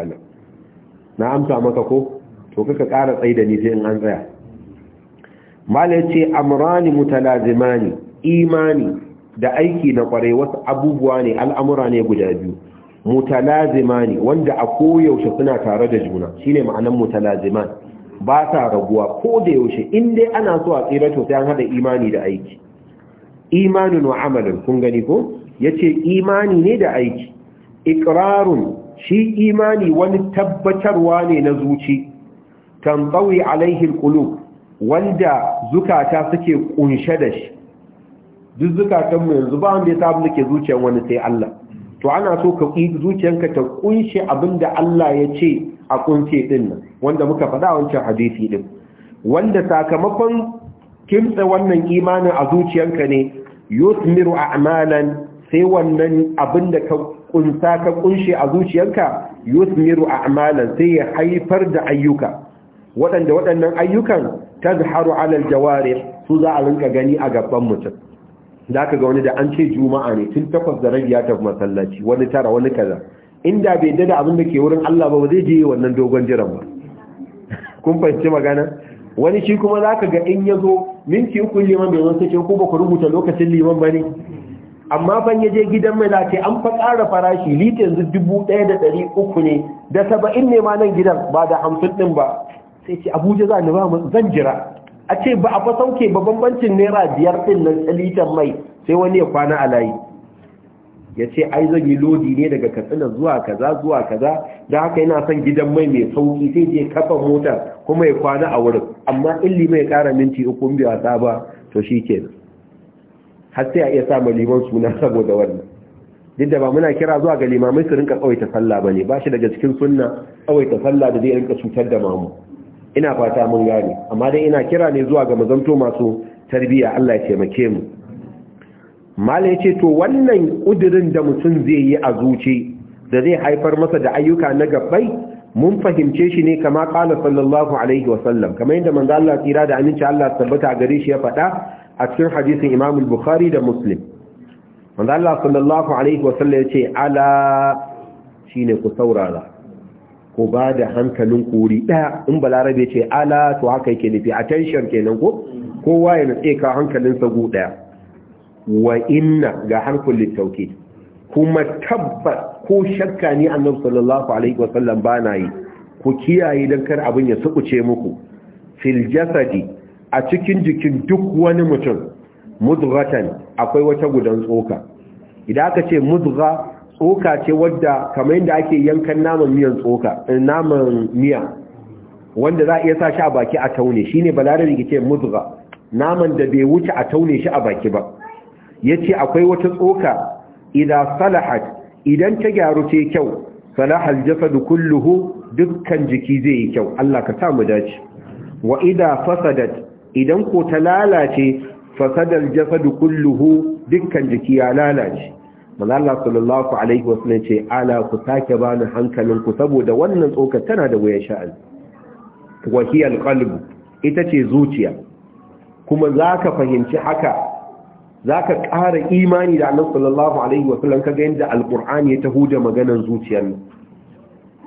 na amsa maka ko to kaka ƙara tsayi da ni sai in an tsaya mala ce amrani mutalazimani imani da aiki na kwarai wasu abubuwa ne al'amura ne guda biyu mutalazimani wanda a koyaushe suna tare da juna shine ma'anan mutalaziman ba sa raguwa ko da yaushe in dai ana so a tsira to sai an haɗa imani da aiki imanin wa amalin kun gani ko Ya ce imani ne da aiki Ikirarun shi imani wani tabbatarwa ne na zuci tambawi alaihin Kulub. wanda zukata suke kunshe da shi duk zukatan yanzu ba wanda ya sa muke zuciyar wani sai Allah to ana so ka zuciyanka ta kunshe abinda Allah ya ce a kunshe din nan wanda muka faɗa wancan hadisi din wanda sakamakon kimtsa wannan imanin a zuciyanka ne yusmiru a'malan sai wannan abinda ka kunsa ka kunshe a zuciyanka yusmiru a'malan sai ya haifar da ayyuka waɗanda waɗannan ayyukan tazharu alal jawari su za a rinka gani a gaban mutum za ka ga wani da an ce juma'a ne tun takwas da rai ya tafi masallaci wani tara wani kaza inda bai dada abin da ke wurin Allah ba zai je wannan dogon jiran ba kun fahimci magana wani shi kuma za ka ga in ya zo minti uku liman bai zo sai ce ku ba rubuta lokacin liman ba ne amma ban ya je gidan mai za ce an fa ƙara farashi lita yanzu dubu ɗaya da ɗari uku ne da saba'in ne ma nan gidan ba da hamsin ɗin ba sai ce abuja za ni ba zan jira a ce ba a fasauke ba bambancin naira biyar ɗin nan litan mai sai wani ya kwana a layi ya ce ai zan yi lodi ne daga katsina zuwa kaza zuwa kaza da haka yana son gidan mai mai sauki sai je kafa mota kuma ya kwana a wurin amma illi mai kara minti uku biyu a ba to shi ke. har sai a iya samun liman suna saboda wannan duk da ba muna kira zuwa ga limamai su rinka tsawaita sallah ba ne, ba shi daga cikin sunna tsawaita sallah da zai rinka cutar da mamu ina fata mun gane amma dai ina kira ne zuwa ga mazanto masu tarbiya Allah ya taimake mu mallam yace to wannan kudirin da mutum zai yi a zuci da zai haifar masa da ayyuka na gabbai mun fahimce shi ne kama kala sallallahu alaihi wasallam kamar yadda manzo Allah tsira da aminci Allah tabbata gare shi ya faɗa a cikin hadisin Imam al-Bukhari da Muslim manzo Allah sallallahu alaihi wasallam yace ala shine ku saurara ku ba da hankalin kuri ɗaya in balarabe ce ala to haka yake nufi attention kenan ko kowa ya nutse ka hankalin sagu ɗaya wa inna ga harkun littauke kuma tabbat ko shakka ni annabi sallallahu alaihi wasallam ba na yi ku kiyaye don kar abin ya sukuce muku fil jasadi a cikin jikin duk wani mutum mudghatan akwai wata gudan tsoka idan aka ce mudgha tsoka ce wadda kamar yadda ake yankan naman miyan tsoka eh, naman miya wanda za a iya sa shi a baki a taune shi ne da ke ce naman da bai wuce a taune shi a baki ba ya ce akwai wata tsoka idan salahat idan ta gyaru ce kyau salahal jasadu kulluhu dukkan jiki zai yi kyau Allah ka samu dace wa idan fasadat idan ko ta lalace fasadar jasadu kulluhu dukkan jiki ya lalace mazalla sallallahu alaihi wasallam ce ala ku sake bani hankalin ku saboda wannan tsokar tana da wuyan sha'an. wa hiya ita ce zuciya kuma ka fahimci haka zaka ƙara imani da Allah sallallahu alaihi wasallam kaga yanda alqur'ani ya taho da maganar zuciyar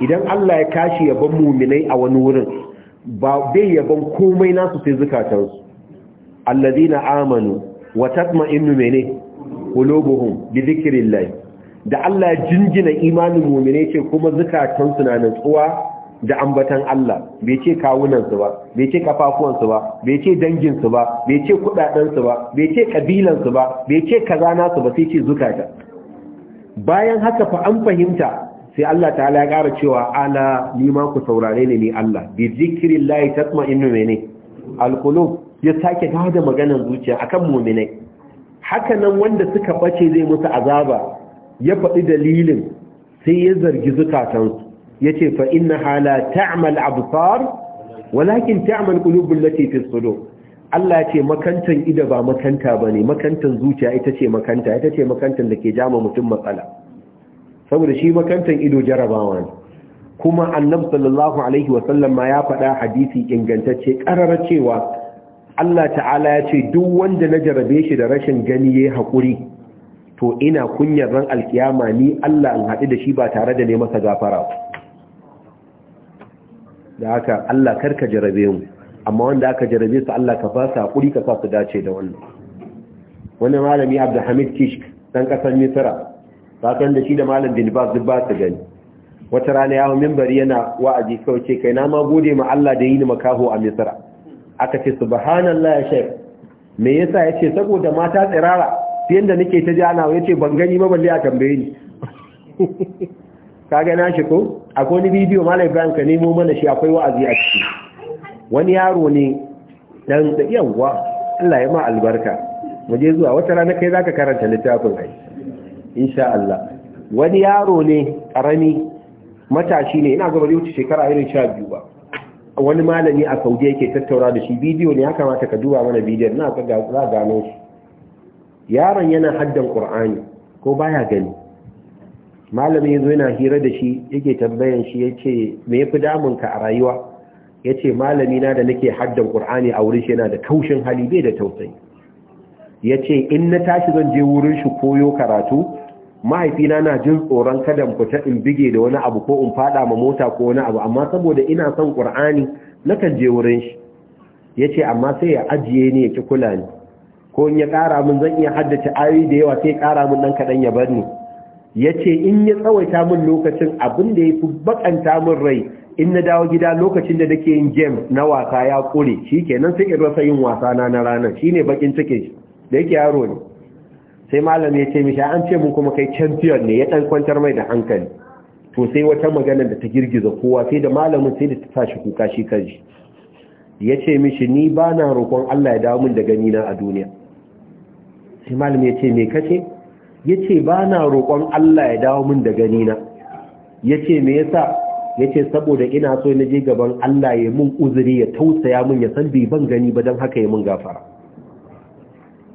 idan Allah ya kashi yaban mu'minai a wani wurin ba bai yaban komai nasu sai zukatansu alladhina amanu wa tatma'innu menene qulubuhum bi dhikrillah da Allah jinjina imanin mu'mine ce kuma zakatun suna nutsuwa da ambatan Allah bai ce kawunansu ba bai ce kafafuwansu ba bai ce danginsu ba bai ce kudadansu ba bai ce kabilansu ba bai ce kazanansu ba sai ce zukata bayan haka fa an fahimta sai Allah ta'ala ya ƙara cewa ala ni ma ku saurare ni ne Allah bi zikrillah tatma'innu mene alqulub ya sake dawo da maganar zuciya akan mu'minai haka nan wanda suka ɓace zai musu azaba ya faɗi dalilin sai ya zargi zukatansu ya ce fa inna hala ta'amal abusar walakin ta'amal ƙulubun na ce, sudo Allah ce makantan ida ba makanta ba ne makantan zuciya ita ce makanta ita ce makantan da ke jama mutum matsala saboda shi makantan ido jarabawa ne kuma annab sallallahu alaihi wasallam ma ya faɗa hadisi ingantacce ƙarar cewa Allah ta'ala ya ce duk wanda na jarabe shi da rashin gani ya haƙuri to ina kunyar ran alkiyama ni Allah an haɗu da shi ba tare da ne masa gafara da haka Allah karka jarabe mu amma wanda aka jarabe su Allah ka ba haƙuri ka sa su dace da wannan wani malami Abdulhamid Kishk dan ƙasar Misra fatan da shi da malam Bin Baz duk ba su gani wata rana yawo minbari yana wa'azi kawai ce kai na ma gode ma Allah da yi ni makaho a Misra aka ce subhanallah ya shek me yasa ya ce saboda mata tsirara fi yadda nake ta ji ana yace ban gani ba balle a tambaye ni ka na shi ko akwai wani bidiyo malam ibrahim ka nemo mana shi akwai wa'azi a ciki wani yaro ne dan da yawa Allah ya ma albarka mu je zuwa wata rana kai zaka karanta littafin ai insha Allah wani yaro ne karami matashi ne ina ga bari wuce shekara irin 12 ba wani malami a saudi yake tattaura da shi bidiyo ne ya kamata ka duba mana bidiyon na ga gano shi yaron yana haddan qur'ani ko baya gani malami yanzu yana hira da shi yake tambayan shi yace me yafi damun ka a rayuwa yace malami na da nake haddan qur'ani a wurin shi yana da kaushin hali bai da tausayi yace in na tashi zan je wurin shi koyo karatu mahaifina na jin tsoron kada in fita in bige da wani abu ko in fada ma mota ko wani abu amma saboda ina son qur'ani nakan je wurin shi yace amma sai ya ajiye ni ya ki kula ni ko in ya ƙara min zan iya haddace ayoyi da yawa sai kara ƙara min dan kadan ya bar ni yace in ya tsawaita min lokacin abin da yafi bakanta min rai in na dawo gida lokacin da nake yin game na wasa ya kure shikenan sai in rasa yin wasa na na ranar shine bakin cike shi da yake yaro ne sai malam ya ce mishi an ce mun kuma kai champion ne ya dan kwantar mai da hankali to sai wata magana da ta girgiza kowa sai da malamin sai da ta tashi kuka shi kanshi ya ce mishi ni ba na roƙon Allah ya dawo min da gani na a duniya sai malam ya ce me kace ya ce ba na roƙon Allah ya dawo min da gani na ya ce me yasa ya ce saboda ina so na je gaban Allah ya mun uzuri ya tausaya mun ya san bai ban gani ba don haka ya mun gafara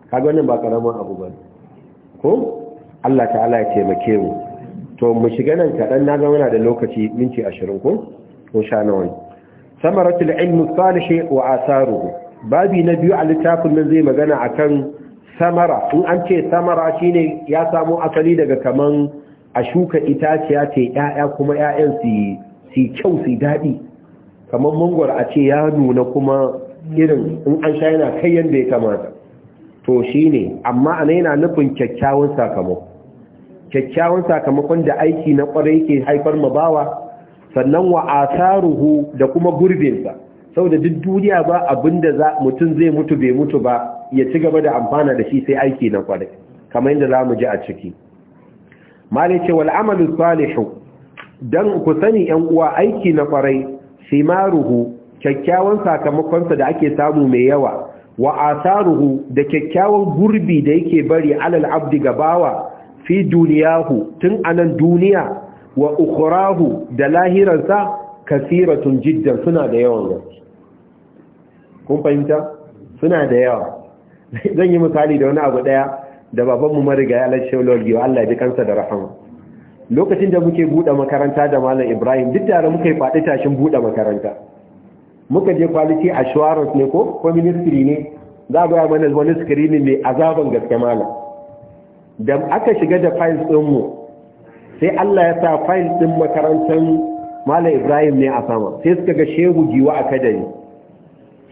kaga wannan ba karamin abu bane ko Allah ta'ala ya taimake mu to mu shiga nan kaɗan na zama na da lokaci minti ashirin ko ko sha nawa ne samaratul ilmi salih wa asaruhu babi na biyu a littafin nan zai magana akan samara in an ce samara shine ya samo asali daga kaman a shuka itaciya ce ya'ya kuma ya'yan su su kyau su daɗi Kaman mangwaro a ce ya nuna kuma irin in an sha yana kai yanda ya kamata to shi ne, amma ana yana nufin kyakkyawan sakamako kyakkyawan sakamakon da aiki na kwarai ke haifar mabawa, sannan wa ruhu da kuma gurbinsa saboda duk duniya ba abin da mutum zai mutu bai mutu ba ya ci gaba da amfana da shi sai aiki na kwarai kamar yadda za mu ji a ciki malai ce wal amalu salihu dan ku sani yan uwa aiki na kwarai ruhu kyakkyawan sakamakonsa da ake samu mai yawa wa Asaruhu da kyakkyawan gurbi da yake bari alal abdi gabawa fi duniyahu tun anan duniya wa ukhrahu da lahiransa kasiratun jiddan suna da yawan gaske kun fahimta suna da yawa zan yi misali da wani abu daya da babanmu mariga ya lashe lolgiyo Allah ya kansa da rahama lokacin da muke buɗe makaranta da malam Ibrahim duk tare muke fadi faɗi tashin buɗe makaranta muka je kwaliti assurance ne ko ko ministry ne za a gaya mana wani screening mai azaban gaske malam da aka shiga da files dinmu sai Allah ya sa files din makarantar malam Ibrahim ne a sama sai suka ga shehu giwa a kadari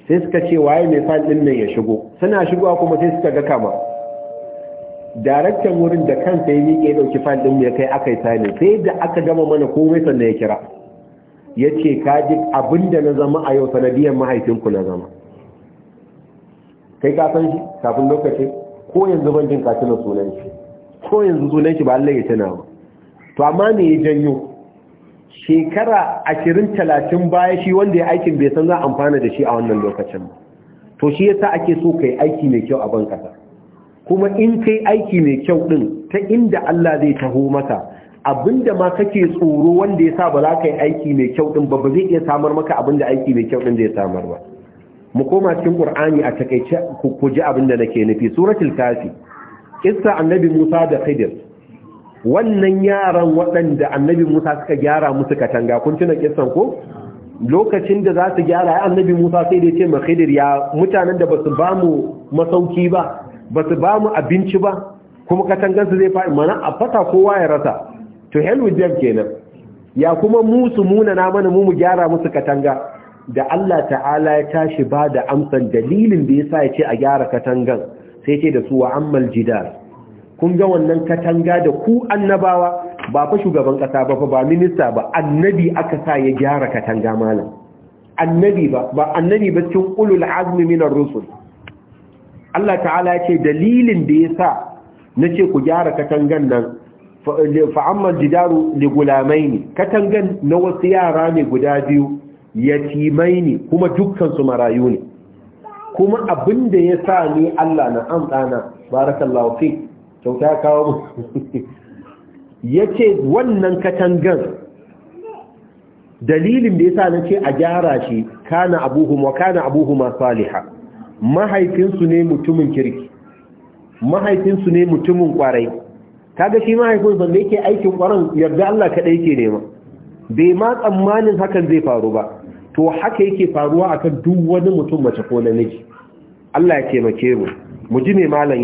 sai suka ce waye mai file din nan ya shigo suna shigowa kuma sai suka ga kama daraktan wurin da kansa ya miƙe ɗauki file ɗin ya kai aka yi sani sai da aka gama mana komai sannan ya kira ya ce kaji abinda na zama a yau sanadiyar mahaifinku na zama kai kasan shi kafin lokacin ko yanzu ban jin kasu na sunan shi ko yanzu sunan shi ba Allah ya tana ba to amma me ya janyo shekara ashirin talatin baya shi wanda ya aikin bai san za amfana da shi a wannan lokacin ba to shi yasa ake so kai aiki mai kyau a ban kasa kuma in kai aiki mai kyau din ta inda Allah zai taho maka abinda ma kake tsoro wanda ya sa ba za ka yi aiki mai kyau din ba ba zai iya samar maka abinda aiki mai kyau din zai samar ba mu koma cikin qur'ani a takaice ku ji abinda nake nufi suratul kafi kisa annabi Musa da Khidir wannan yaran waɗanda annabi Musa suka gyara musu katanga kun tuna kissan ko lokacin da za su gyara annabi Musa sai da ya ce ma Khidir ya mutanen da basu ba mu masauki ba basu ba mu abinci ba kuma katangansu zai faɗi mana a fata kowa ya rasa to hell with them kenan ya kuma musu su muna na mana mu mu gyara musu katanga da Allah ta'ala ya tashi ba da amsan dalilin da yasa ya ce a gyara katangan sai ce da su wa ammal jidar kun ga wannan katanga da ku annabawa ba fa shugaban kasa ba fa ba minista ba annabi aka sa ya gyara katanga malam annabi ba ba annabi ba cikin ulul azmi minar rusul Allah ta'ala ya ce dalilin da yasa nace ku gyara katangan nan fa'amman jidaru li gulamai ne katangan na wasu yara ne guda biyu yatimai ne kuma dukkansu marayu ne kuma abin da ya sa ni Allah na amsa na, barakallahu fi kyauta kawo mu ya ce wannan katangan dalilin da ya sa na ce a gyara shi kana abuhuma kana abuhuma saliha mahaifinsu ne mutumin kirki mahaifinsu ne mutumin kwarai kaga shi mahaifin sanda yake aikin ƙwaron yarda Allah kaɗai yake nema bai ma tsammanin hakan zai faru ba to haka yake faruwa akan duk wani mutum mace ko namiji Allah ya taimake mu mu ji me malam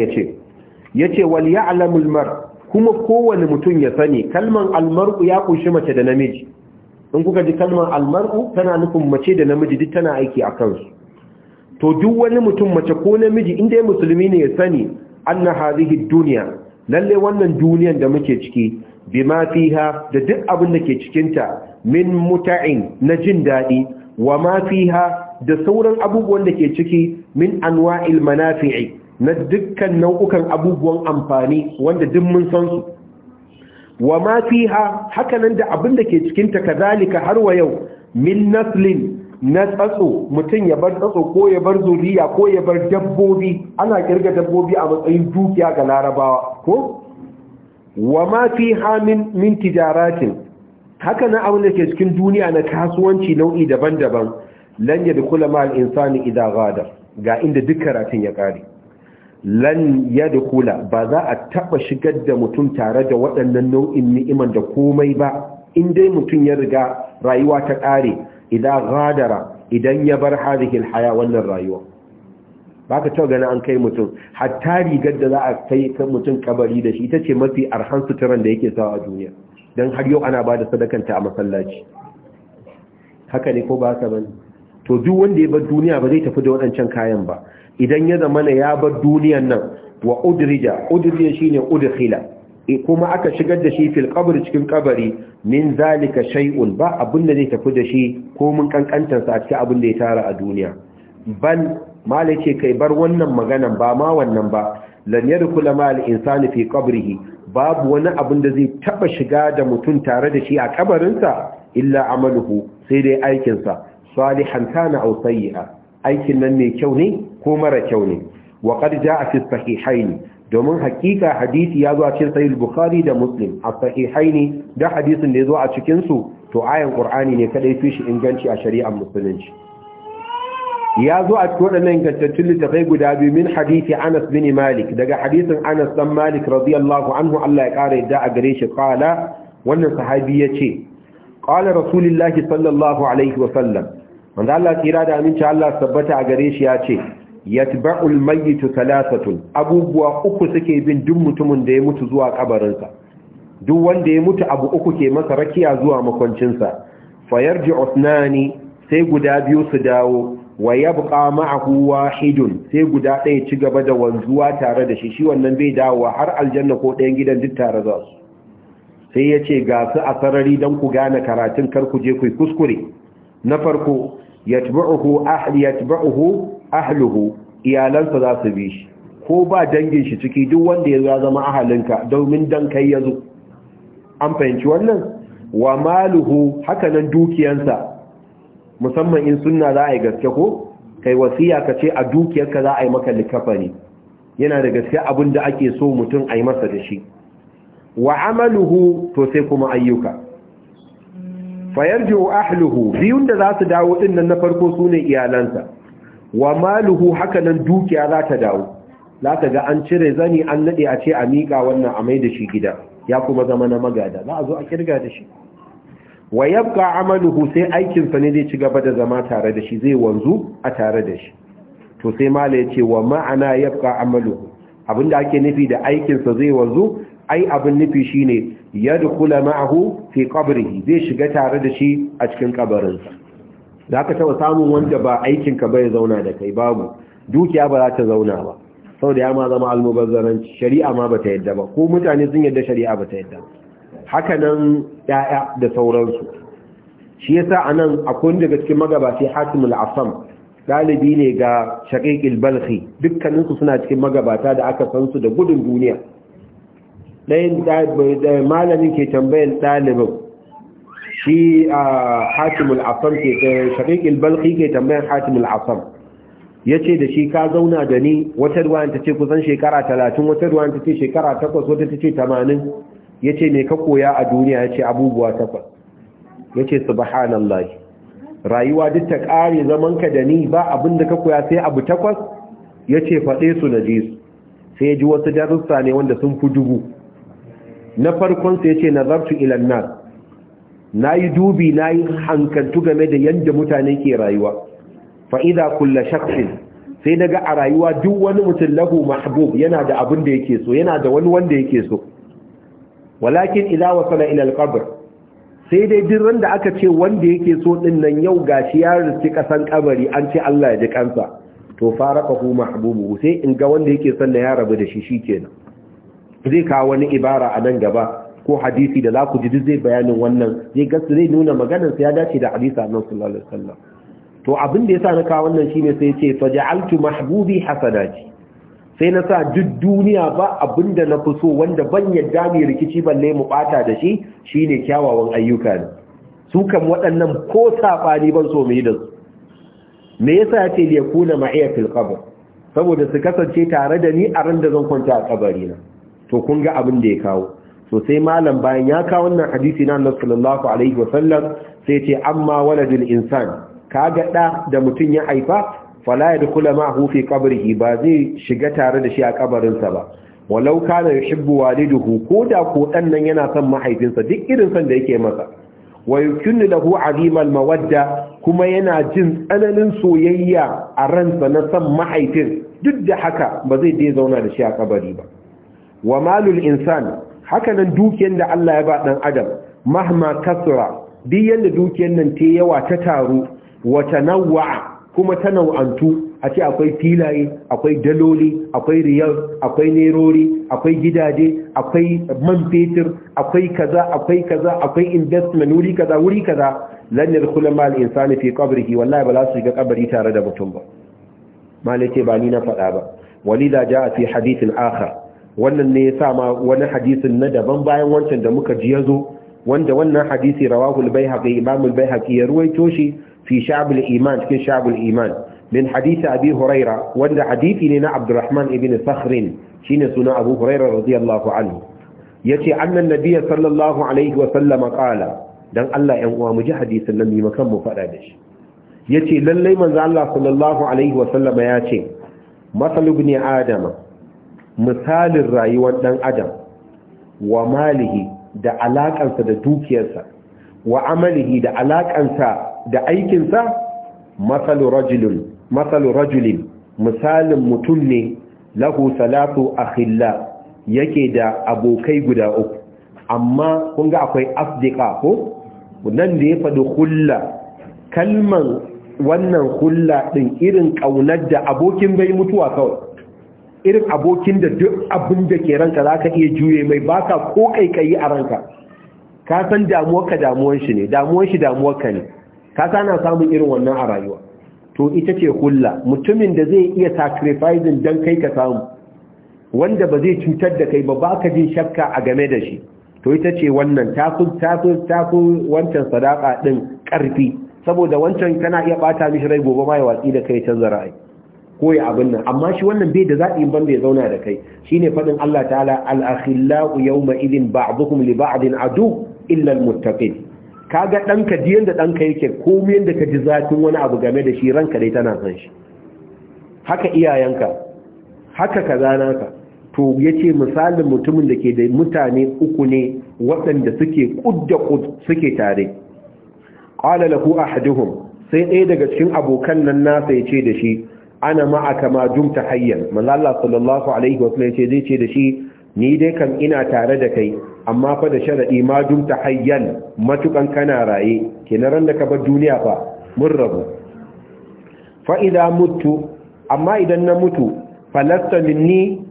Ya ce wal ya'lamul mar kuma kowane mutum ya sani kalman almar'u ya kunshi mace da namiji in kuka ji kalmar almar'u tana nufin mace da namiji duk tana aiki a kansu to duk wani mutum mace ko namiji inda ya musulmi ne ya sani anna hadhihi dunya lalle wannan duniyar da muke ciki ma fiha da duk abin da ke cikinta min muta'in na jin daɗi wa ma fiha da sauran abubuwan da ke ciki min anwa'il manafi'i na dukkan nau'ukan abubuwan amfani wanda duk mun san su wa ma fiha hakanan da abin da ke cikinta kazalika har wa yau min naslin na tsatso mutum ya bar tsatso ko ya bar zuriya ko ya bar dabbobi ana kirga dabbobi a matsayin dukiya ga larabawa ko wa ma fi hamin min tijaratin haka na abin da ke cikin duniya na kasuwanci nau'i daban-daban lan yadkhula ma al-insani idha ghadar ga inda duk karatun ya kare lan yadkhula ba za a taba shigar da mutum tare da waɗannan nau'in ni'iman da komai ba in dai mutum ya riga rayuwa ta ƙare idan gadara idan ya bar hadhihi alhaya wannan rayuwa baka ta gani an kai mutum hatta rigar da za a kai mutum kabari da shi ita ce mafi arhan suturan da yake sawa a duniya dan har yau ana bada sadakanta a masallaci haka ne ko ba ka bane to duk wanda ya bar duniya ba zai tafi da waɗancan kayan ba idan ya zamana ya bar duniyan nan wa udrija udrija shine udkhila kuma aka shigar da shi fil cikin kabari min zalika shay'un ba abin da zai tafi da shi ko mun kankantar sa a cikin abin da ya tara a duniya bal mala kai bar wannan maganan ba ma wannan ba lan yadkhula ma insani fi qabrihi babu wani abin da zai taba shiga da mutum tare da shi a kabarinsa illa amaluhu sai dai aikin sa salihan kana aw sayyi'a aikin nan mai kyau ne ko mara kyau ne wa qad jaa fi sahihaini domin hakika hadisi ya zo a cikin sahih bukhari da muslim a sahihaini da hadisin da ya zo a cikin su to ayan qur'ani ne kadai fi shi inganci a shari'ar musulunci ya zo a cikin waɗannan ingantattun littafai guda biyu min hadisi anas bin malik daga hadisin anas dan malik radiyallahu anhu Allah ya kara yadda a gare shi qala wannan sahabi yace qala rasulullahi sallallahu alaihi wa sallam wanda Allah kira da aminci Allah tabbata a gare shi yace yatba'ul mayyitu thalathatun abubuwa uku suke bin duk mutumin da ya mutu zuwa kabarinsa duk wanda ya mutu abu uku ke masa rakiya zuwa makwancinsa fayarji usnani sai guda biyu su dawo wa yabqa ma'ahu wahidun sai guda ɗaya ci gaba da wanzuwa tare da shi shi wannan bai dawo har aljanna ko ɗayan gidan duk tare za su sai ya ce ga su a sarari don ku gane karatun kar ku je ku kuskure na farko yatba'uhu ahli yatba'uhu ahluhu iyalansa za su bi shi ko ba dangin shi ciki duk wanda ya zama ahalinka domin dan kai ya zo an fahimci wannan wa maluhu hakanan dukiyansa musamman in sunna za a yi gaske ko kai wasiya ka ce a dukiyarka za a yi maka likafani yana da gaske abin da ake so mutum a yi masa da shi wa amaluhu to sai kuma ayyuka fayarji'u ahluhu biyun da za su dawo din nan na farko sune iyalansa wa maluhu hakanan dukiya za ta dawo za ka ga an cire zani an nade a ce a miƙa wannan a mai shi gida ya kuma zama na magada za a zo a kirga da shi wa yabqa amaluhu sai aikinsa sa ne zai ci gaba da zama tare da shi zai wanzu a tare da shi to sai mala ce wa ma'ana yabqa amaluhu abinda ake nufi da aikinsa zai wanzu ai abin nufi shine yadkhula ma'ahu fi qabrihi zai shiga tare da shi a cikin kabarinsa za ka taɓa samun wanda ba aikinka bai zauna da kai babu dukiya ba za ta zauna ba sau da ya ma zama almubazzaran shari'a ma ba ta yadda ba ko mutane sun yadda shari'a ba ta yadda ba haka nan ya'ya da sauransu shi yasa a nan akwai daga cikin magabati hatimul afam ɗalibi ne ga shaƙiƙil balhi dukkaninsu suna cikin magabata da aka san su da gudun duniya ɗayan malamin ke tambayan ɗalibin shi a hatimul asam ke shaƙiƙil balƙi ke tambayan hatimul asam ya ce da shi ka zauna da ni wata ruwan ta ce kusan shekara talatin wata ruwan ta ce shekara takwas wata ta ce tamanin ya ce ne ka koya a duniya ya ce abubuwa takwas ya ce subhanallah rayuwa duk ta ƙare zamanka da ni ba abin da ka koya sai abu takwas ya ce faɗe su na je su sai ya ji wasu darussa ne wanda sun fi dubu na farkon sai ya ce nazartu ilan nas na yi dubi na yi hankantu game da yadda mutane ke rayuwa fa'ida kulla shakfin sai na ga a rayuwa duk wani mutum lahu mahbub yana da abin da yake so yana da wani wanda yake so walakin ila wasala ila alqabr sai dai duk randa aka ce wanda yake so din nan yau ga shi ya rufe kasan kabari an ce Allah ya ji kansa to faraqahu mahbubu sai in ga wanda yake son ya rabu da shi shi kenan. zai kawo wani ibara a nan gaba ko hadisi da za ku ji zai bayanin wannan zai gasu zai nuna maganar sa ya dace da hadisa annabi sallallahu alaihi wasallam to abin da yasa na kawo wannan shine sai yace ja'altu mahbubi hasadati sai na sa duk duniya ba abinda na fi so wanda ban yadda mai rikici balle mu bata da shi shine kyawawan ayyuka ne su kan waɗannan ko saɓani ban so mu yi da su me yasa ya ce liyakuna ma'iya fil qabr saboda su kasance tare da ni a ran da zan kwanta a kabari na to kun ga abin da ya kawo so sai malam bayan ya kawo wannan hadisi na annabi sallallahu alaihi wasallam sai ce amma waladul insan kaga da da mutun ya haifa fala yadkhula ma'hu fi qabrihi ba zai shiga tare da shi a kabarin sa ba walau kana yuhibbu waliduhu koda ko dan nan yana son mahaifinsa duk irin son da yake masa wa yukunnu lahu azimal mawadda kuma yana jin tsananin soyayya a ransa na son mahaifin duk da haka ba zai dai zauna da shi a kabari ba wa malul insan haka nan dukiyar da Allah ya ba dan adam mahma kasra duk yanda dukiyar nan ta yawa ta taru wata tanawwa kuma tanaw'antu a ce akwai filaye akwai daloli akwai riyal akwai nerori akwai gidaje akwai man fetur akwai kaza akwai kaza akwai investment wuri kaza wuri kaza lan yadkhulu mal insani fi qabrihi wallahi ba za su shiga kabari tare da mutum ba malike ba ni na faɗa ba walida jaa fi hadithin akhar wannan ne ya sa ma wani hadisin na daban bayan wancan da muka ji ya zo wanda wannan hadisi rawahul baihaqi imamul baihaqi ya ruwaito shi fi sha'bul iman cikin sha'bul iman min hadisi abi huraira wanda hadisi ne na abdurrahman ibn sakhrin shine sunan abu huraira radiyallahu anhu yace annan nabiy sallallahu alaihi wa sallama qala dan Allah yan uwa mu ji hadisin nan mu kan mu fada da shi yace lallai manzo Allah sallallahu alaihi wa ya ce masalu ibn adama misalin rayuwar dan adam wa malihi da alaƙansa da dukiyarsa wa amalihi da alaƙansa da aikinsa masalu rajulin misalin mutum ne lahu salatu akhilla yake da abokai guda uku amma kun ga akwai afdika ko nan da ya faɗi hulla kalman wannan hulla ɗin irin ƙaunar da abokin bai mutuwa kawai irin abokin da duk abin da ke ranka za ka iya juye mai baka ko kaikayi a ranka ka san damuwarka damuwan shi ne damuwan shi damuwarka ne ka sana samun irin wannan a rayuwa to ita ce hulla mutumin da zai iya sacrificing don kai ka samu wanda ba zai cutar da kai ba baka jin shakka a game da shi to ita ce wannan tafi wancan sadaka din karfi saboda wancan kana iya bata mishi rai gobe ma watsi da kai canza ra'ayi Koya abin nan amma shi wannan bai da zaɓi ban da ya zauna da kai Shi ne faɗin Allah ta'ala al yauma a idin liba a din adu illal mutafin Ka ga ɗanka diyan da ɗanka yake komai yanda ka ji zafin wani abu game da shi ranka dai tana san shi haka iyayenka haka zana ka to ce misalin mutumin da ke da mutane uku ne waɗanda suke ƙudda kud suke tare qala lahu ahaduhum sai ɗaya daga cikin abokan nan nasa yace da shi ana ma'aka ma dumta hayyan manzo Allah sallallahu alaihi wa sallam zai ce da shi ni dai kan ina tare da kai amma fa da sharadi ma dumta hayyan matukan kana raye kenan ran da ka bar duniya fa mun rabu fa idza mutu amma idan na mutu falasta minni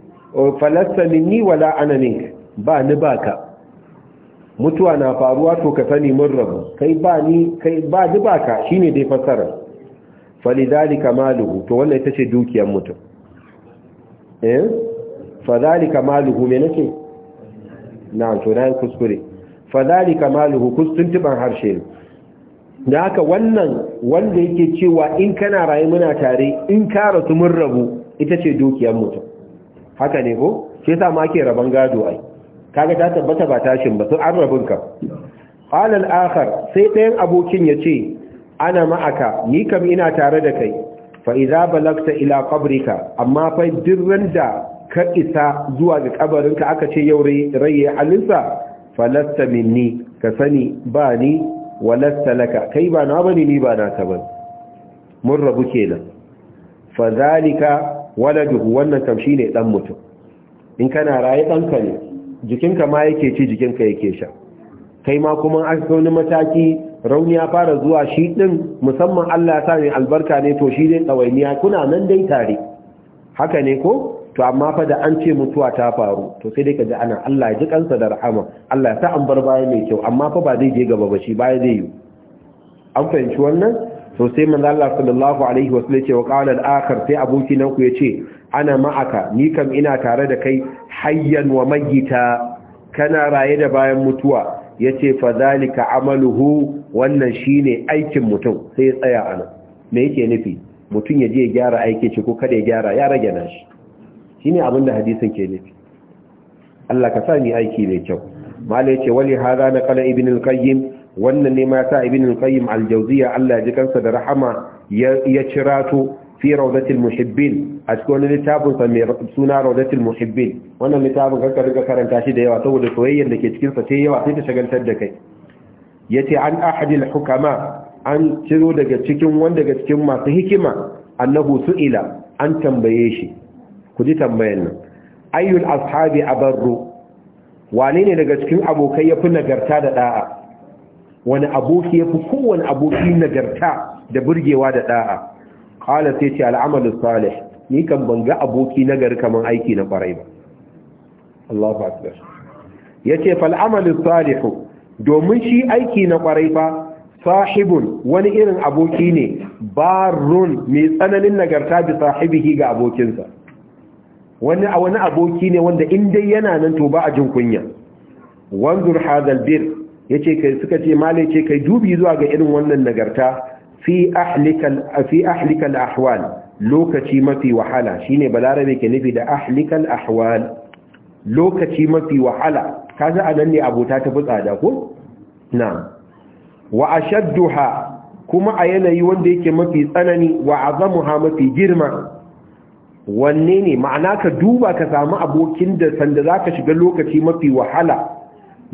falasta minni wala ana mink ba ni baka mutuwa na faruwa to ka sani mun rabu kai ba ni kai ba ni baka shine dai fasara falidhalika maluhu to wannan ita ce dukiyar mutum eh fadhalika maluhu me nake na to dai kuskure fadhalika maluhu kustuntuban harshe ne da haka wannan wanda yake cewa in kana rayu muna tare in ka rasu mun rabu ita ce dukiyar mutum haka ne ko sai sa ma ake raban gado ai kaga ta tabbata ba tashin ba su an rabin ka qala al-akhar sai ɗayan abokin ya ce ana ma'aka ni kam ina tare da kai fa idza balagta ila qabrika amma fa dirran da ka isa zuwa ga kabarinka aka ce yau rayi halinsa falasta minni ka sani ba ni walasta laka kai ba na bane ni ba na ta ba mun rabu kenan fa zalika waladuhu wannan kam shine dan mutum in kana raye ɗanka ne jikinka ma yake ci jikinka yake sha kai ma kuma aka wani mataki rauni ya fara zuwa shi din musamman Allah ya sa ne albarka ne to shi dai tsawainiya kuna nan dai tare haka ne ko to amma fa da an ce mutuwa ta faru to sai dai ka ana Allah ya ji kansa da rahama Allah ya sa an bar baya mai kyau amma fa ba zai je gaba ba shi baya zai yi an fahimci wannan to sai manzo Allah sallallahu alaihi wasallam ce wa qala al akhir sai aboki nan ku yace ana ma'aka ni kam ina tare da kai hayyan wa mayyita kana raye da bayan mutuwa ya ce fazalika amaluhu wannan shine aikin mutum sai ya tsaya a nan me yake nufi mutum ya je ya gyara aikin shi ko kada ya gyara ya rage na shi shine abin da hadisin ke nufi Allah ka sa ni aiki mai kyau mala yace wali hada na qala ibn al-qayyim wannan ne ma sa ibn al-qayyim al-jawziya Allah ya ji kansa da rahama ya cirato fi raudatul muhibbin a cikin wani littafin mai suna raudatul muhibbin wannan littafin kanka riga karanta shi da yawa saboda soyayyar da ke cikin ta sai yawa sai ta shagaltar da kai yace an ahadil hukama an cizo daga cikin wanda daga cikin masu hikima annahu su'ila an tambaye shi ku ji tambayan nan ayyul ashabi abarru wane ne daga cikin abokai yafi nagarta da ɗa'a? wani aboki yafi kowane aboki nagarta da burgewa da ɗa'a? qala sai ce al'amalu salih ni kan banga aboki na gari kamar aiki na kwarai ba Allahu akbar yace fal amalu salih domin shi aiki na kwarai fa sahibun wani irin aboki ne barun mai tsananin nagarta bi sahibihi ga abokinsa wani a wani aboki ne wanda in dai yana nan to ba a jin kunya wanzur hadal bir yace kai suka ce male ce kai dubi zuwa ga irin wannan nagarta fi ahlikal fi ahlikal ahwal lokaci mafi wahala shine balarabe ke nufi da ahlikal ahwal lokaci mafi wahala kaza anan ne abota ta fi tsada ko na wa ashadduha kuma a yanayi wanda yake mafi tsanani wa azamuha mafi girma wanne ne ma'ana ka duba ka samu abokin da sanda zaka shiga lokaci mafi wahala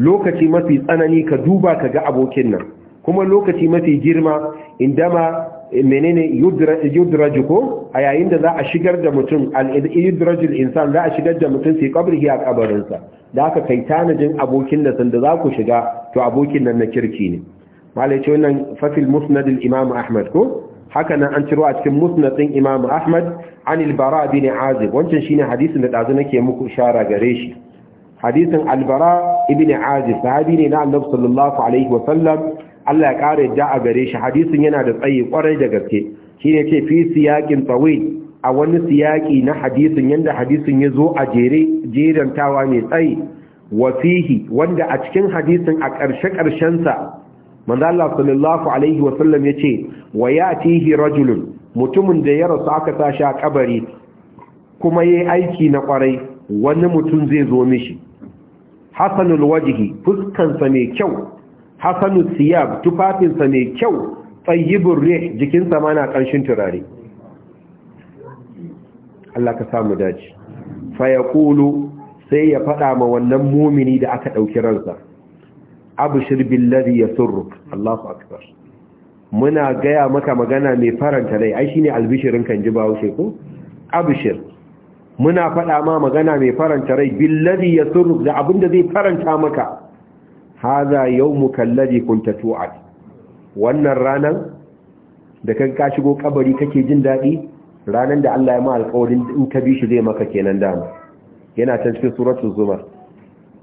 lokaci mafi tsanani ka duba ka ga abokin nan kuma lokaci mafi girma indama menene yudraju ko a yayin da za a shigar da mutum al insan za a shigar da mutum sai qabrihi a kabarinsa da aka kai tanajin abokin da sanda za ku shiga to abokin nan na kirki ne malai wannan fasil musnad al-imam ahmad ko haka nan an ciro a cikin musnad din imam ahmad an al-bara bin azib wancan shine hadisin da dazu nake muku ishara gare shi hadisin al-bara ibn azib sahabi ne na annabi sallallahu alaihi wa sallam Allah ya ƙara da a gare shi hadisin yana da tsayi kwarai da gaske shi ne ce fi siyaƙin tsawai a wani siyaƙi na hadisin yadda hadisin ya zo a jere jerantawa mai tsayi Wasihi, wanda a cikin hadisin a ƙarshe-ƙarshensa manzo Allah sallallahu alaihi wa sallam yace wa yatihi rajulun mutumin da ya rasu aka sa shi a kabari kuma yayi aiki na kwarai wani mutum zai zo mishi hasanul wajhi fuskansa mai kyau hasanu siyab tufafinsa mai kyau tsayibin rih jikinsa ma na ƙanshin turare Allah ka samu daji. fa ya kulu sai ya faɗa ma wannan mumini da aka ɗauki ransa abu shirbin lari ya surruk Allahu akbar muna gaya maka magana mai faranta rai ai shine albishirin kan ji bawo sheku abushir muna faɗa ma magana mai faranta rai billazi yasurruk da abinda zai faranta maka haza yawmuka kun ta tu'ad wannan ranan da kan ka shigo kabari kake jin daɗi ranar da Allah ya ma alƙawarin in ka bi shi zai maka kenan dama yana ta cikin suratul zumar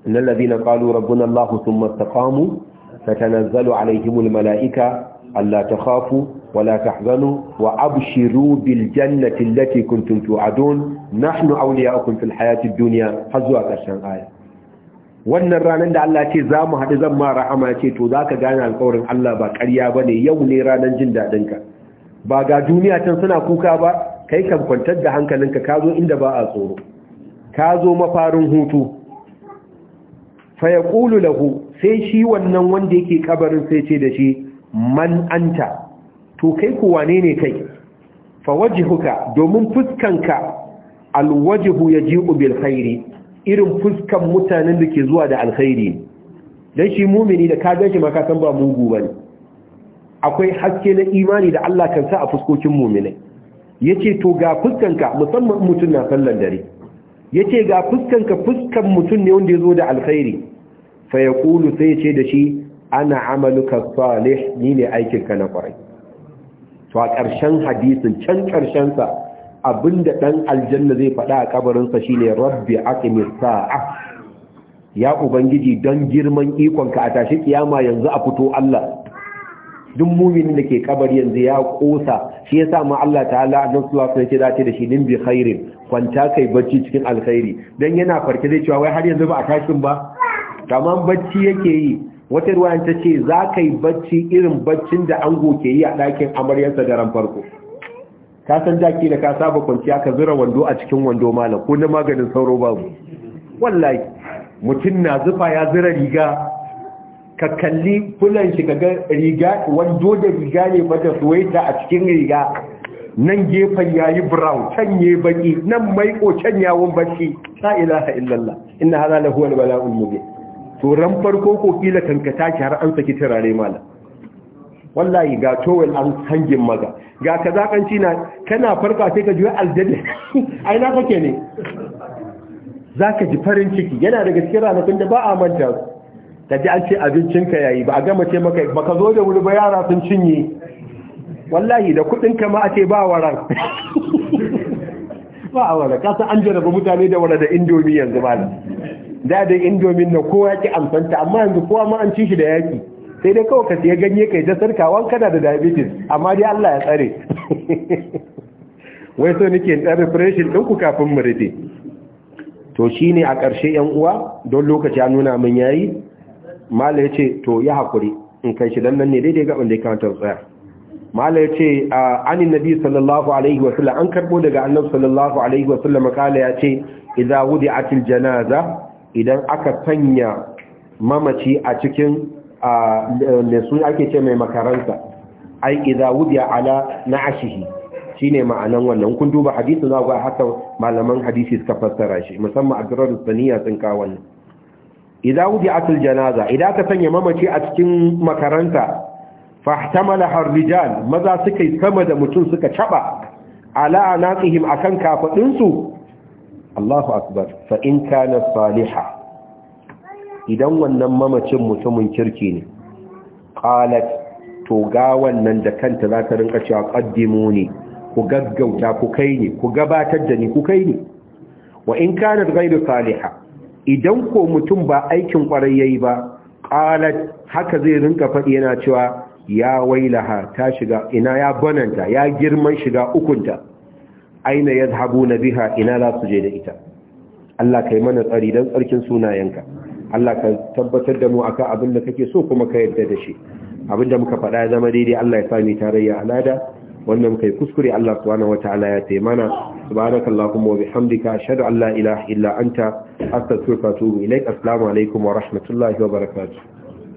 innal ladhina qalu rabbuna Allahu thumma istaqamu tatanazzalu alaihimul malaika alla takhafu abshiru تحزنوا وأبشروا بالجنة التي كنتم توعدون نحن أولياؤكم في الحياة الدنيا حزوا كشان آية wannan ranar da Allah ce za mu haɗu zan ma rahama ce to za ka gane alkawarin Allah ba ƙarya ba ne yau ne ranar jin daɗinka ba ga duniya can suna kuka ba kai kan kwantar da hankalinka ka zo inda ba a tsoro ka zo mafarin hutu faya ƙulu lahu sai shi wannan wanda yake kabarin sai ce da shi man anta to kai kuwa ne ne kai fa wajihuka domin fuskanka alwajihu yaji'u bil khairi irin fuskan mutanen da ke zuwa da alkhairi dan shi mumini da kagan shi ka san ba mugu ba akwai haske na imani da Allah kan sa a fuskokin muminai ya to ga fuskanka musamman mutum na sallan dare yace ce ga fuskanka fuskan mutum ne wanda ya zo da alkhairi fa ya sai ya ce da shi ana amaluka salih ni ne aikinka na kwarai to a ƙarshen hadisin can sa. abinda dan aljanna zai faɗa a kabarinsa shine rabbi aqimis sa'a ya ubangiji don girman ikonka a tashi kiyama yanzu a fito Allah duk muminin da ke kabari yanzu ya kosa shi yasa ma Allah ta'ala annabi sallallahu alaihi wasallam ce da shi nin bi khairin kwanta kai bacci cikin alkhairi dan yana farke zai cewa wai har yanzu ba a tashin ba tamam bacci yake yi wata ruwayan ta ce za ka yi bacci irin baccin da ango ke yi a ɗakin amaryarsa daren farko ka san jaki da ka saba kwanciya ka zura wando a cikin wando malam ko na maganin sauro babu wallahi mutum na zufa ya zura riga ka kalli fulan shi ka ga riga wando da riga ne ba da suwaita a cikin riga nan gefen yayi brown can ye baki nan ko can yawon baki la ilaha illallah inna hadha lahu al bala'ul mubin to ran farko ko kila kankata ki har an saki turare malam wallahi ga towel an hangin maza ga kazakanci na kana farka sai ka juya aljada. ai na kake ne Za ka ji farin ciki yana da cikin ranakun da ba a manta su ka ji an ce abincinka yayi ba a gama ce maka Ba ka zo da wuri ba yara sun cinye wallahi da kudin ka ma a ce ba waran ba a waran kasa an jarraba mutane da wara da indomi yanzu ba da da indomin na kowa ya ki amfanta amma yanzu kowa ma an ci shi da yaki sai dai kawai ka siya ganye kai ta sarkawan kana da diabetes amma dai Allah ya tsare wai so nake dan refreshin din ku kafin mu rufe to shine a ƙarshe yan uwa don lokaci an nuna min yayi mala ce to ya hakuri in kai shi dan nan ne daidai gaban da ya kamata tsaya mala yace anin nabi sallallahu alaihi wasallam an karbo daga annabi sallallahu alaihi wasallam sallam ya ce idza wudi'atil janaza idan aka sanya mamaci a cikin a lesu ake ce mai makaranta, ai Iza wudiya ala na'ashihi shine ma'anan wannan kun duba hadisi za ga haka malaman hadisi suka fassara shi musamman adrar saniya sun ka wannan idza wudi'atul janaza idan ka sanya mamaci a cikin makaranta fahtamala harbijan maza suka yi sama da mutum suka caba ala anaqihim akan kan su Allahu akbar fa in kana salihah idan wannan mamacin mutumin kirki ne qalat to ga wannan da kanta za ta rinka cewa qaddimu ne ku gaggauta ku kai ni ku gabatar da ni ku kai ne wa in kana ghairu Saliha, idan ko mutum ba aikin kwarai yayi ba qalat haka zai rinka faɗi yana cewa ya wailaha ta shiga ina ya bananta ya girman shiga ukunta aina yadhabuna biha ina za su je da ita Allah kai mana tsari dan tsarkin sunayenka Allah ka tabbatar da mu akan abin da kake so kuma ka yarda da shi abin da muka faɗa ya zama daidai Allah ya sami tarayya alada wannan kai kuskure Allah subhanahu wataala ya taimana subhanakallahumma wa bihamdika ashhadu an la ilaha illa anta astaghfiruka wa atubu ilaik assalamu alaikum wa rahmatullahi wa barakatuh